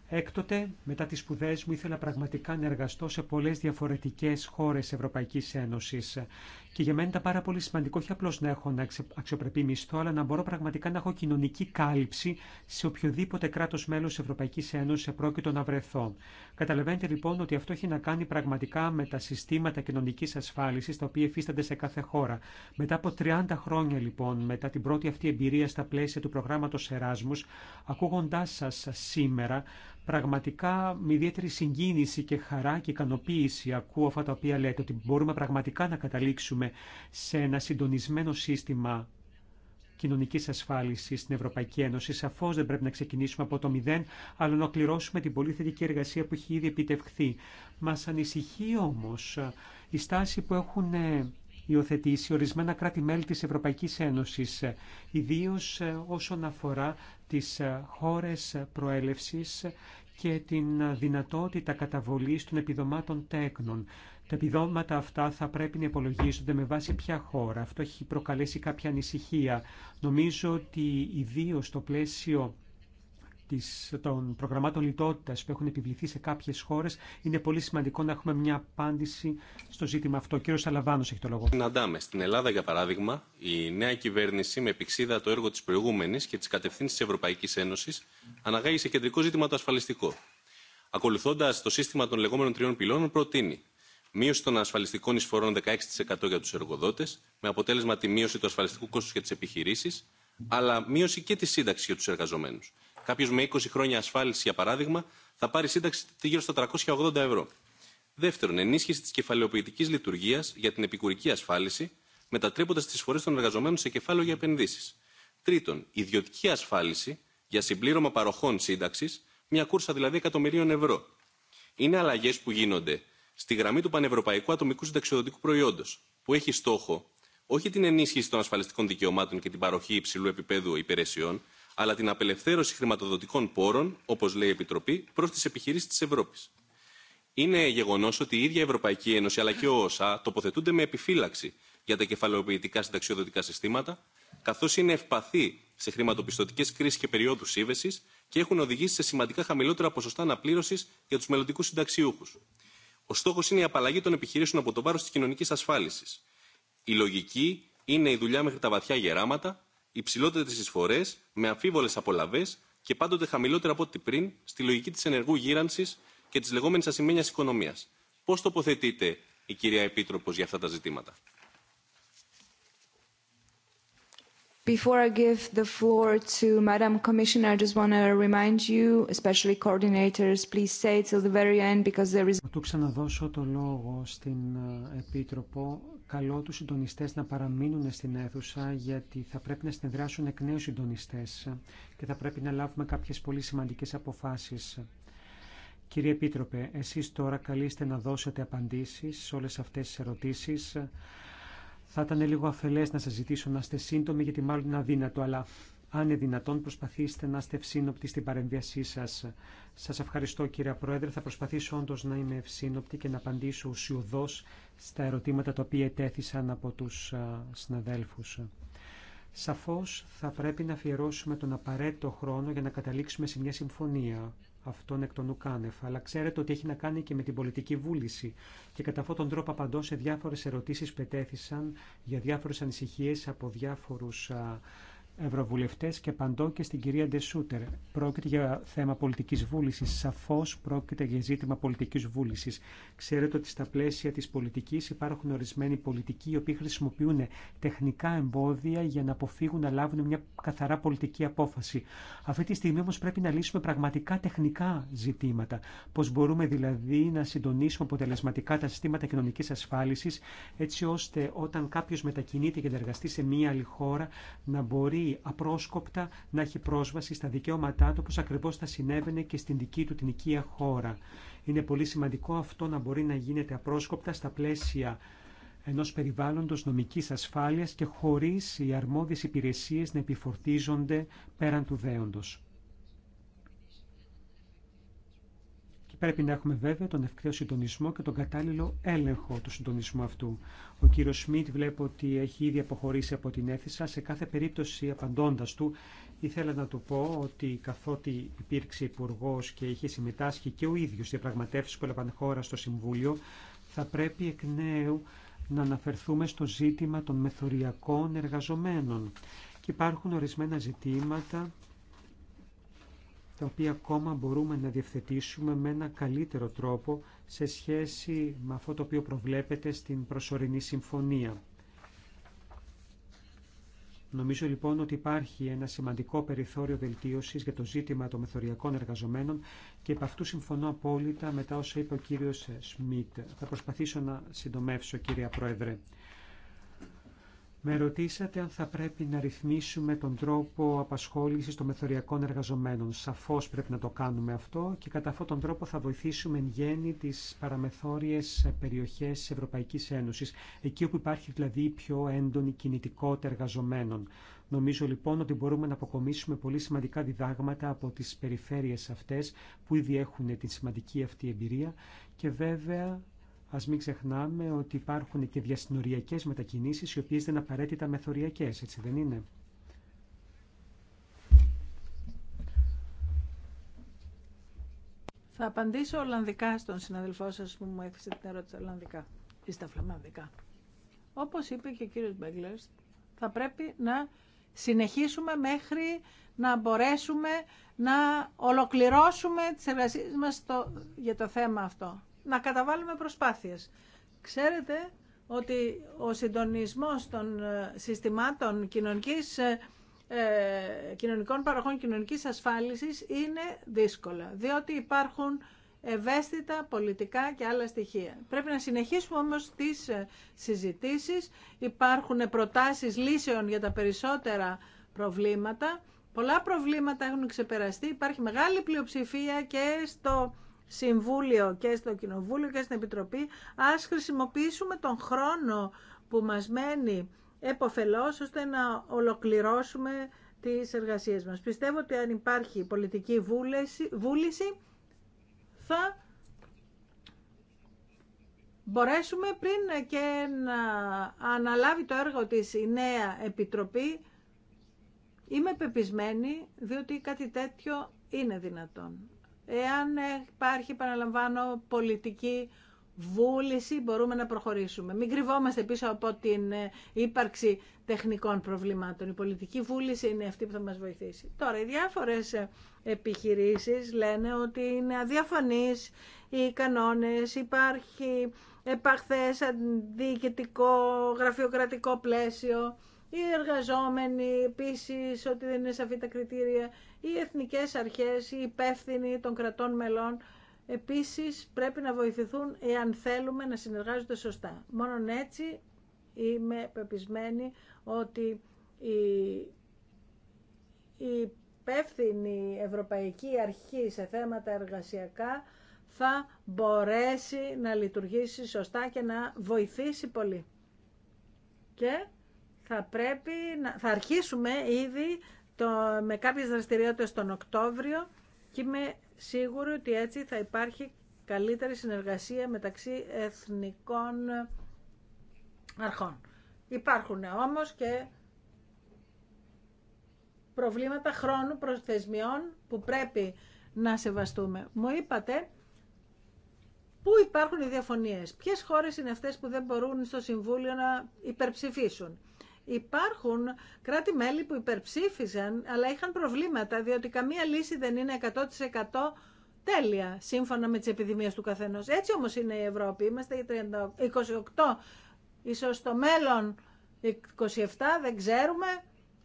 Έκτοτε, μετά τις σπουδέ μου, ήθελα πραγματικά να εργαστώ σε πολλές διαφορετικές χώρες Ευρωπαϊκής Ένωσης. Και για μένα ήταν πάρα πολύ σημαντικό όχι απλώς να έχω ένα αξιοπρεπή μισθό, αλλά να μπορώ πραγματικά να έχω κοινωνική κάλυψη σε οποιοδήποτε κράτος μέλος Ευρωπαϊκής Ένωσης πρόκειτο να βρεθώ. Καταλαβαίνετε λοιπόν ότι αυτό έχει να κάνει πραγματικά με τα συστήματα κοινωνικής ασφάλισης, τα οποία υφίστανται σε κάθε χώρα. Μετά από 30 χρόνια λοιπόν, μετά την πρώτη αυτή εμπειρία στα πλαίσια του προγράμματος Εράσμους, ακούγοντάς σας σήμερα, Πραγματικά με ιδιαίτερη συγκίνηση και χαρά και ικανοποίηση ακούω αυτά τα οποία λέτε, ότι μπορούμε πραγματικά να καταλήξουμε σε ένα συντονισμένο σύστημα κοινωνικής ασφάλισης στην Ευρωπαϊκή Ένωση. Σαφώς δεν πρέπει να ξεκινήσουμε από το μηδέν, αλλά να ολοκληρώσουμε την πολύ θετική εργασία που έχει ήδη επιτευχθεί. Μας ανησυχεί όμως η στάση που έχουν υιοθετήσει ορισμένα κράτη-μέλη της Ευρωπαϊκής Ένωσης, ε, ιδίως ε, όσον αφορά τις ε, χώρες προέλευσης και την δυνατότητα καταβολής των επιδομάτων τέκνων. Τα επιδόματα αυτά θα πρέπει να υπολογίζονται με βάση ποια χώρα. Αυτό έχει προκαλέσει κάποια ανησυχία. Νομίζω ότι ιδίω στο πλαίσιο των προγραμμάτων λιτότητα που έχουν επιβληθεί σε κάποιε χώρε, είναι πολύ σημαντικό να έχουμε μια απάντηση στο ζήτημα αυτό. Ο κύριος έχει το λόγο. Συναντάμε. Στην Ελλάδα, για παράδειγμα, η νέα κυβέρνηση με επεξίδα το έργο τη προηγούμενη και τη κατευθύνση της Ευρωπαϊκής Ένωσης αναγάγει σε κεντρικό ζήτημα το ασφαλιστικό. Ακολουθώντα το σύστημα των λεγόμενων τριών πυλώνων, προτείνει μείωση των ασφαλιστικών εισφορών 16% για του εργοδότε, με αποτέλεσμα τη μείωση του ασφαλιστικού κόστου για τι επιχειρήσει, αλλά μείωση και τη σύνταξη για του εργαζόμενου κάποιο με 20 χρόνια ασφάλιση, για παράδειγμα, θα πάρει σύνταξη γύρω στα 380 ευρώ. Δεύτερον, ενίσχυση τη κεφαλαιοποιητική λειτουργία για την επικουρική ασφάλιση, μετατρέποντα τι φορέ των εργαζομένων σε κεφάλαιο για επενδύσει. Τρίτον, ιδιωτική ασφάλιση για συμπλήρωμα παροχών σύνταξη, μια κούρσα δηλαδή εκατομμυρίων ευρώ. Είναι αλλαγέ που γίνονται στη γραμμή του Πανευρωπαϊκού Ατομικού Συνταξιοδοτικού Προϊόντο, που έχει στόχο όχι την ενίσχυση των ασφαλιστικών δικαιωμάτων και την παροχή υψηλού επίπεδου υπηρεσιών, αλλά την απελευθέρωση χρηματοδοτικών πόρων, όπω λέει η Επιτροπή, προ τι επιχειρήσει τη Ευρώπη. Είναι γεγονό ότι η ίδια η Ευρωπαϊκή Ένωση αλλά και ο ΩΣΑ τοποθετούνται με επιφύλαξη για τα κεφαλαιοποιητικά συνταξιοδοτικά συστήματα, καθώ είναι ευπαθή σε χρηματοπιστωτικέ κρίσει και περιόδου ύβεση και έχουν οδηγήσει σε σημαντικά χαμηλότερα ποσοστά αναπλήρωση για του μελλοντικού συνταξιούχου. Ο στόχο είναι η απαλλαγή των επιχειρήσεων από το βάρο τη κοινωνική ασφάλιση. Η λογική είναι η δουλειά μέχρι τα βαθιά γεράματα υψηλότερε εισφορέ με αμφίβολε απολαυέ και πάντοτε χαμηλότερα από ό,τι πριν στη λογική τη ενεργού γύρανση και τη λεγόμενη ασημένια οικονομία. Πώ τοποθετείται η κυρία Επίτροπο για αυτά τα ζητήματα. Before I give the floor to Madam Commissioner, I just want to remind you, especially coordinators, please stay till the very end because there is... Θα του ξαναδώσω το λόγο στην ε, Επίτροπο καλώ τους συντονιστές να παραμείνουν στην αίθουσα γιατί θα πρέπει να συνδράσουν εκ νέου συντονιστές και θα πρέπει να λάβουμε κάποιες πολύ σημαντικές αποφάσεις. Κύριε Επίτροπε, εσείς τώρα καλείστε να δώσετε απαντήσεις σε όλες αυτές τις ερωτήσεις. Θα ήταν λίγο αφελές να σας ζητήσω να είστε σύντομοι γιατί μάλλον είναι αδύνατο, αλλά αν είναι δυνατόν, προσπαθήστε να είστε ευσύνοπτοι στην παρεμβίασή σα. Σα ευχαριστώ, κύριε Πρόεδρε. Θα προσπαθήσω όντω να είμαι ευσύνοπτη και να απαντήσω ουσιοδό στα ερωτήματα τα οποία ετέθησαν από του συναδέλφου. Σαφώ θα πρέπει να αφιερώσουμε τον απαραίτητο χρόνο για να καταλήξουμε σε μια συμφωνία. Αυτόν εκ των Ουκάνευ. Αλλά ξέρετε ότι έχει να κάνει και με την πολιτική βούληση. Και κατά αυτόν τον τρόπο απαντώ σε διάφορε ερωτήσει που για διάφορε ανησυχίε από διάφορου ευρωβουλευτέ και παντό και στην κυρία Ντεσούτερ. Πρόκειται για θέμα πολιτική βούληση. Σαφώ πρόκειται για ζήτημα πολιτική βούληση. Ξέρετε ότι στα πλαίσια τη πολιτική υπάρχουν ορισμένοι πολιτικοί οι οποίοι χρησιμοποιούν τεχνικά εμπόδια για να αποφύγουν να λάβουν μια καθαρά πολιτική απόφαση. Αυτή τη στιγμή όμω πρέπει να λύσουμε πραγματικά τεχνικά ζητήματα. Πώ μπορούμε δηλαδή να συντονίσουμε αποτελεσματικά τα συστήματα κοινωνική ασφάλιση έτσι ώστε όταν κάποιο μετακινείται και εργαστεί σε μία άλλη χώρα να μπορεί απρόσκοπτα να έχει πρόσβαση στα δικαιώματά του, όπως ακριβώς θα συνέβαινε και στην δική του την οικία χώρα. Είναι πολύ σημαντικό αυτό να μπορεί να γίνεται απρόσκοπτα στα πλαίσια ενός περιβάλλοντος νομικής ασφάλειας και χωρίς οι αρμόδιες υπηρεσίες να επιφορτίζονται πέραν του δέοντος. Πρέπει να έχουμε βέβαια τον ευκαιρό συντονισμό και τον κατάλληλο έλεγχο του συντονισμού αυτού. Ο κύριο Σμιτ βλέπω ότι έχει ήδη αποχωρήσει από την αίθουσα. Σε κάθε περίπτωση, απαντώντα του, ήθελα να του πω ότι καθότι υπήρξε υπουργό και είχε συμμετάσχει και ο ίδιο διαπραγματεύσει που έλαβαν χώρα στο Συμβούλιο, θα πρέπει εκ νέου να αναφερθούμε στο ζήτημα των μεθοριακών εργαζομένων. Και υπάρχουν ορισμένα ζητήματα τα οποία ακόμα μπορούμε να διευθετήσουμε με ένα καλύτερο τρόπο σε σχέση με αυτό το οποίο προβλέπεται στην προσωρινή συμφωνία. Νομίζω λοιπόν ότι υπάρχει ένα σημαντικό περιθώριο βελτίωσης για το ζήτημα των μεθοριακών εργαζομένων και επ' αυτού συμφωνώ απόλυτα μετά όσα είπε ο κύριος Σμιτ. Θα προσπαθήσω να συντομεύσω κύριε Πρόεδρε. Με ρωτήσατε αν θα πρέπει να ρυθμίσουμε τον τρόπο απασχόληση των μεθοριακών εργαζομένων. Σαφώ πρέπει να το κάνουμε αυτό και κατά αυτόν τον τρόπο θα βοηθήσουμε εν γέννη τι παραμεθόριες περιοχέ της Ευρωπαϊκής Ένωσης, εκεί όπου υπάρχει δηλαδή η πιο έντονη κινητικότητα εργαζομένων. Νομίζω λοιπόν ότι μπορούμε να αποκομίσουμε πολύ σημαντικά διδάγματα από τι περιφέρειε αυτέ που ήδη έχουν την σημαντική αυτή εμπειρία και βέβαια Α μην ξεχνάμε ότι υπάρχουν και διασυνοριακέ μετακινήσεις οι οποίες δεν είναι απαραίτητα μεθοριακέ. έτσι δεν είναι. Θα απαντήσω Ολλανδικά στον συναδελφό σας που μου έφεσε την ερώτηση Ολλανδικά ή στα Φλαμανδικά. Όπως είπε και ο κύριος Μπέγκλερ, θα πρέπει να συνεχίσουμε μέχρι να μπορέσουμε να ολοκληρώσουμε τις εργασίες μας για το θέμα αυτό να καταβάλουμε προσπάθειες. Ξέρετε ότι ο συντονισμός των ε, συστημάτων κοινωνικής, ε, ε, κοινωνικών παροχών κοινωνικής ασφάλισης είναι δύσκολα, διότι υπάρχουν ευαίσθητα πολιτικά και άλλα στοιχεία. Πρέπει να συνεχίσουμε όμως τις ε, συζητήσεις. Υπάρχουν προτάσεις λύσεων για τα περισσότερα προβλήματα. Πολλά προβλήματα έχουν ξεπεραστεί. Υπάρχει μεγάλη πλειοψηφία και στο Συμβούλιο και στο Κοινοβούλιο και στην Επιτροπή, ας χρησιμοποιήσουμε τον χρόνο που μας μένει εποφελώς ώστε να ολοκληρώσουμε τις εργασίες μας. Πιστεύω ότι αν υπάρχει πολιτική βούληση, βούληση θα μπορέσουμε πριν και να αναλάβει το έργο της η νέα Επιτροπή. Είμαι πεπισμένη διότι κάτι τέτοιο είναι δυνατόν. Εάν υπάρχει, παραλαμβάνω, πολιτική βούληση μπορούμε να προχωρήσουμε. Μην κρυβόμαστε πίσω από την ε, ύπαρξη τεχνικών προβλημάτων. Η πολιτική βούληση είναι αυτή που θα μας βοηθήσει. Τώρα, οι διάφορες ε, επιχειρήσεις λένε ότι είναι αδιαφανείς οι κανόνες, υπάρχει επαχθές αντιοικητικό, γραφειοκρατικό πλαίσιο οι εργαζόμενοι επίση ότι δεν είναι σαφή τα κριτήρια, οι εθνικές αρχές, οι υπεύθυνοι των κρατών μελών επίσης πρέπει να βοηθηθούν εάν θέλουμε να συνεργάζονται σωστά. μονο έτσι είμαι πεπισμένη ότι η, η υπεύθυνη Ευρωπαϊκή Αρχή σε θέματα εργασιακά θα μπορέσει να λειτουργήσει σωστά και να βοηθήσει πολύ. Και θα πρέπει να θα αρχίσουμε ήδη το, με κάποιες δραστηριότητες τον Οκτώβριο και είμαι σίγουρη ότι έτσι θα υπάρχει καλύτερη συνεργασία μεταξύ εθνικών αρχών. Υπάρχουν όμως και προβλήματα χρόνου προσθεσμιών που πρέπει να σεβαστούμε. Μου είπατε πού υπάρχουν οι διαφωνίες, ποιες χώρες είναι αυτές που δεν μπορούν στο Συμβούλιο να υπερψηφίσουν. Υπάρχουν κράτη-μέλη που υπερψήφισαν, αλλά είχαν προβλήματα, διότι καμία λύση δεν είναι 100% τέλεια, σύμφωνα με τις επιδημίες του καθενός. Έτσι όμως είναι η Ευρώπη. Είμαστε 28, ίσως το μέλλον 27, δεν ξέρουμε,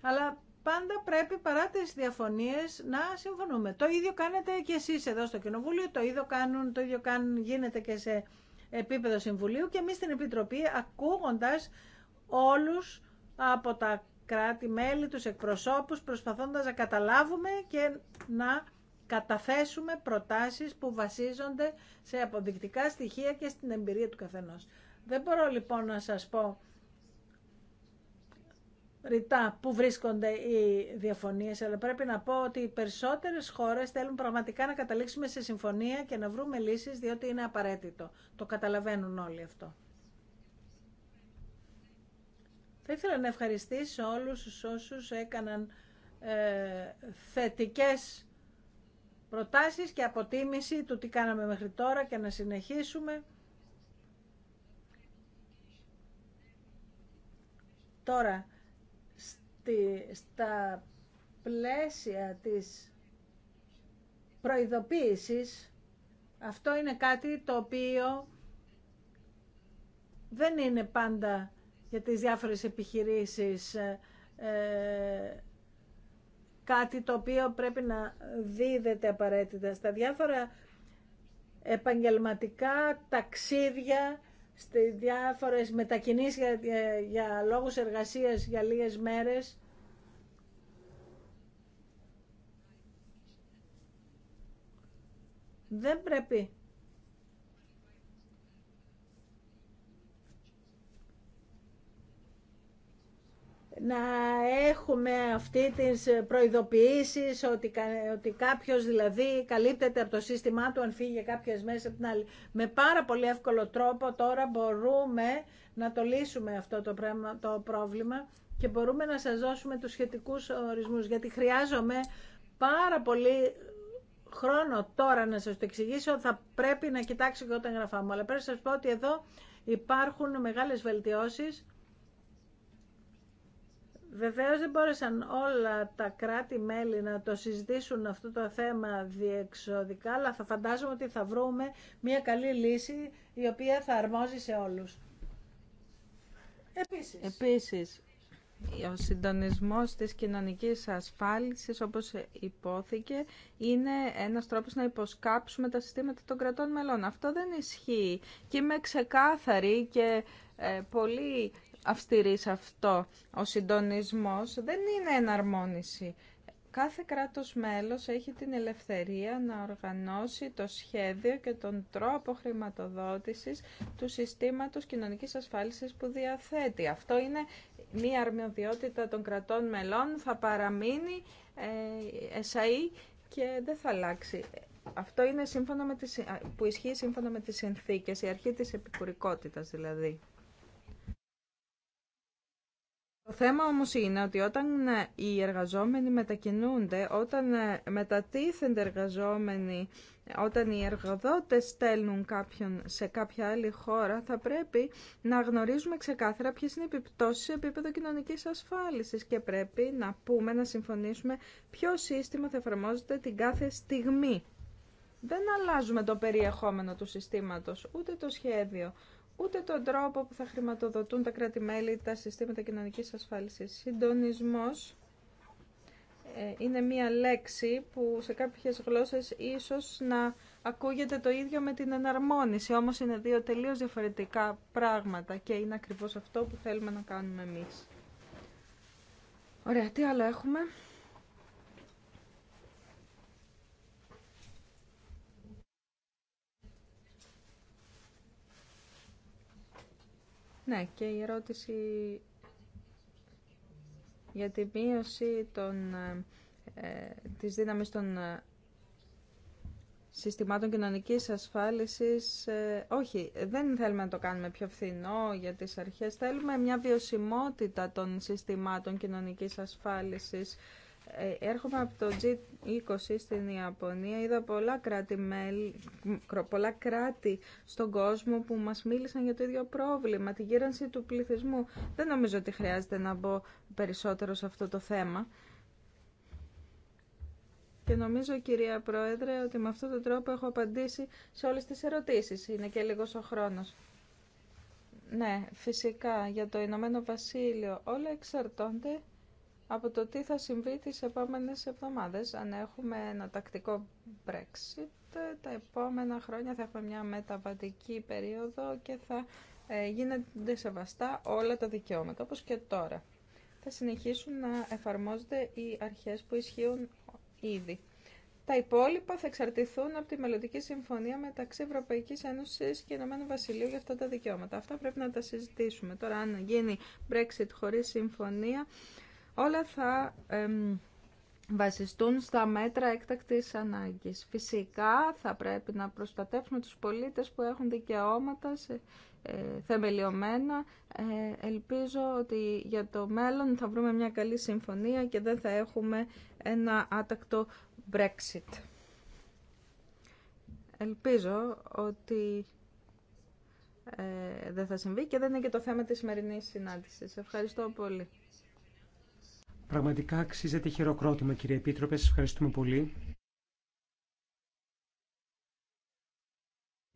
αλλά πάντα πρέπει παρά τις διαφωνίες να συμφωνούμε. Το ίδιο κάνετε και εσείς εδώ στο Κοινοβούλιο, το ίδιο, κάνουν, το ίδιο κάνουν, γίνεται και σε επίπεδο Συμβουλίου και εμείς στην Επιτροπή ακούγοντας όλους από τα κράτη-μέλη, τους εκπροσώπους, προσπαθώντας να καταλάβουμε και να καταθέσουμε προτάσεις που βασίζονται σε αποδεικτικά στοιχεία και στην εμπειρία του καθενός. Δεν μπορώ λοιπόν να σας πω ρητά που βρίσκονται οι διαφωνίες, αλλά πρέπει να πω ότι οι περισσότερες χώρες θέλουν πραγματικά να καταλήξουμε σε συμφωνία και να βρούμε λύσεις, διότι είναι απαραίτητο. Το καταλαβαίνουν όλοι αυτό. Θα ήθελα να ευχαριστήσω όλους όσους έκαναν ε, θετικές προτάσεις και αποτίμηση του τι κάναμε μέχρι τώρα και να συνεχίσουμε. Τώρα, στη, στα πλαίσια της προειδοποίησης, αυτό είναι κάτι το οποίο δεν είναι πάντα για τις διάφορες επιχειρήσεις ε, ε, κάτι το οποίο πρέπει να δίδεται απαραίτητα στα διάφορα επαγγελματικά ταξίδια, στις διάφορες μετακινήσεις για, για λόγους εργασίας για λίγες μέρες. Δεν πρέπει να έχουμε αυτή τις προειδοποιήσεις ότι, ότι κάποιος δηλαδή καλύπτεται από το σύστημά του αν φύγει κάποιες μέρες από την άλλη. Με πάρα πολύ εύκολο τρόπο τώρα μπορούμε να το λύσουμε αυτό το, το πρόβλημα και μπορούμε να σας δώσουμε τους σχετικούς ορισμούς γιατί χρειάζομαι πάρα πολύ χρόνο τώρα να σας το εξηγήσω θα πρέπει να κοιτάξω και όταν γραφάμε αλλά πρέπει να σας πω ότι εδώ υπάρχουν μεγάλες βελτιώσεις Βεβαίως δεν μπόρεσαν όλα τα κράτη-μέλη να το συζητήσουν αυτό το θέμα διεξοδικά, αλλά θα φαντάζομαι ότι θα βρούμε μια καλή λύση η οποία θα αρμόζει σε όλους. Επίσης, Επίσης ο συντονισμός της κοινωνικής ασφάλισης, όπως υπόθηκε, είναι ένας τρόπος να υποσκάψουμε τα συστήματα των κρατών μελών. Αυτό δεν ισχύει και είμαι ξεκάθαρη και ε, πολύ αυστηρή αυτό. Ο συντονισμός δεν είναι εναρμόνιση. Κάθε κράτος μέλος έχει την ελευθερία να οργανώσει το σχέδιο και τον τρόπο χρηματοδότησης του συστήματος κοινωνικής ασφάλισης που διαθέτει. Αυτό είναι μία αρμοδιότητα των κρατών μελών, θα παραμείνει ε, εσαΐ και δεν θα αλλάξει. Αυτό είναι σύμφωνα με τις, που ισχύει σύμφωνα με τις συνθήκες, η αρχή της επικουρικότητας δηλαδή. Το θέμα όμως είναι ότι όταν ε, οι εργαζόμενοι μετακινούνται, όταν ε, μετατίθενται εργαζόμενοι, όταν οι εργοδότες στέλνουν κάποιον σε κάποια άλλη χώρα, θα πρέπει να γνωρίζουμε ξεκάθαρα ποιες είναι οι επιπτώσεις σε επίπεδο κοινωνικής ασφάλισης και πρέπει να πούμε, να συμφωνήσουμε ποιο σύστημα θα εφαρμόζεται την κάθε στιγμή. Δεν αλλάζουμε το περιεχόμενο του συστήματος, ούτε το σχέδιο ούτε τον τρόπο που θα χρηματοδοτούν τα κράτη-μέλη τα συστήματα κοινωνικής ασφάλισης. Συντονισμός ε, είναι μία λέξη που σε κάποιες γλώσσες ίσως να ακούγεται το ίδιο με την εναρμόνιση, όμως είναι δύο τελείως διαφορετικά πράγματα και είναι ακριβώς αυτό που θέλουμε να κάνουμε εμείς. Ωραία, τι άλλο έχουμε. Ναι, και η ερώτηση για τη μείωση των, ε, της δύναμης των ε, συστημάτων κοινωνικής ασφάλισης. Ε, όχι, δεν θέλουμε να το κάνουμε πιο φθηνό για τις αρχές. Θέλουμε μια βιωσιμότητα των συστημάτων κοινωνικής ασφάλισης ε, έρχομαι από το G20 στην Ιαπωνία. Είδα πολλά κράτη, πολλά κράτη στον κόσμο που μας μίλησαν για το ίδιο πρόβλημα, τη γύρανση του πληθυσμού. Δεν νομίζω ότι χρειάζεται να μπω περισσότερο σε αυτό το θέμα. Και νομίζω, κυρία Πρόεδρε, ότι με αυτόν τον τρόπο έχω απαντήσει σε όλες τις ερωτήσεις. Είναι και λίγος ο χρόνος. Ναι, φυσικά, για το Ηνωμένο Βασίλειο όλα εξαρτώνται από το τι θα συμβεί τις επόμενες εβδομάδες. Αν έχουμε ένα τακτικό Brexit, τα επόμενα χρόνια θα έχουμε μια μεταβατική περίοδο και θα ε, γίνονται σεβαστά όλα τα δικαιώματα, όπως και τώρα. Θα συνεχίσουν να εφαρμόζονται οι αρχές που ισχύουν ήδη. Τα υπόλοιπα θα εξαρτηθούν από τη μελλοντική συμφωνία μεταξύ Ευρωπαϊκή Ένωση και Ηνωμένου Βασιλείου για αυτά τα δικαιώματα. Αυτά πρέπει να τα συζητήσουμε. Τώρα, αν γίνει Brexit χωρί συμφωνία, Όλα θα βασιστούν στα μέτρα έκτακτης ανάγκης. Φυσικά θα πρέπει να προστατεύσουμε τους πολίτες που έχουν δικαιώματα σε, ε, θεμελιωμένα. Ε, ελπίζω ότι για το μέλλον θα βρούμε μια καλή συμφωνία και δεν θα έχουμε ένα άτακτο Brexit. Ελπίζω ότι ε, δεν θα συμβεί και δεν είναι και το θέμα της σημερινής συνάντησης. Ευχαριστώ πολύ. Πραγματικά αξίζεται χειροκρότημα, κύριε Επίτροπε. ευχαριστούμε πολύ.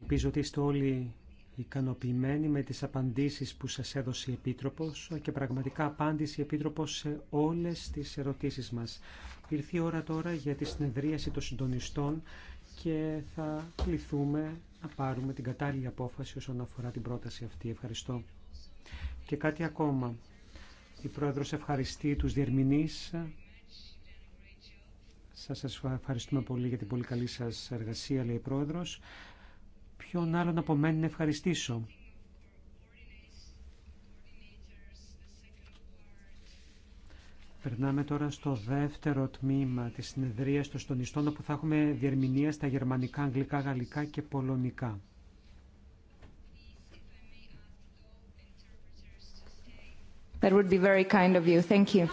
Ελπίζω ότι είστε όλοι ικανοποιημένοι με τις απαντήσεις που σας έδωσε η Επίτροπος και πραγματικά απάντησε η Επίτροπος σε όλες τις ερωτήσεις μας. Ήρθε η ώρα τώρα για τη συνεδρίαση των συντονιστών και θα κληθούμε να πάρουμε την κατάλληλη απόφαση όσον αφορά την πρόταση αυτή. Ευχαριστώ. Και κάτι ακόμα. Η Πρόεδρος ευχαριστεί τους διερμηνείς. Σας ευχαριστούμε πολύ για την πολύ καλή σας εργασία, λέει η Πρόεδρος. Ποιον άλλον από μένα να ευχαριστήσω. Περνάμε τώρα στο δεύτερο τμήμα της συνεδρίας των στονιστών, όπου θα έχουμε διερμηνία στα γερμανικά, αγγλικά, γαλλικά και πολωνικά. That would be very kind of you. Thank you.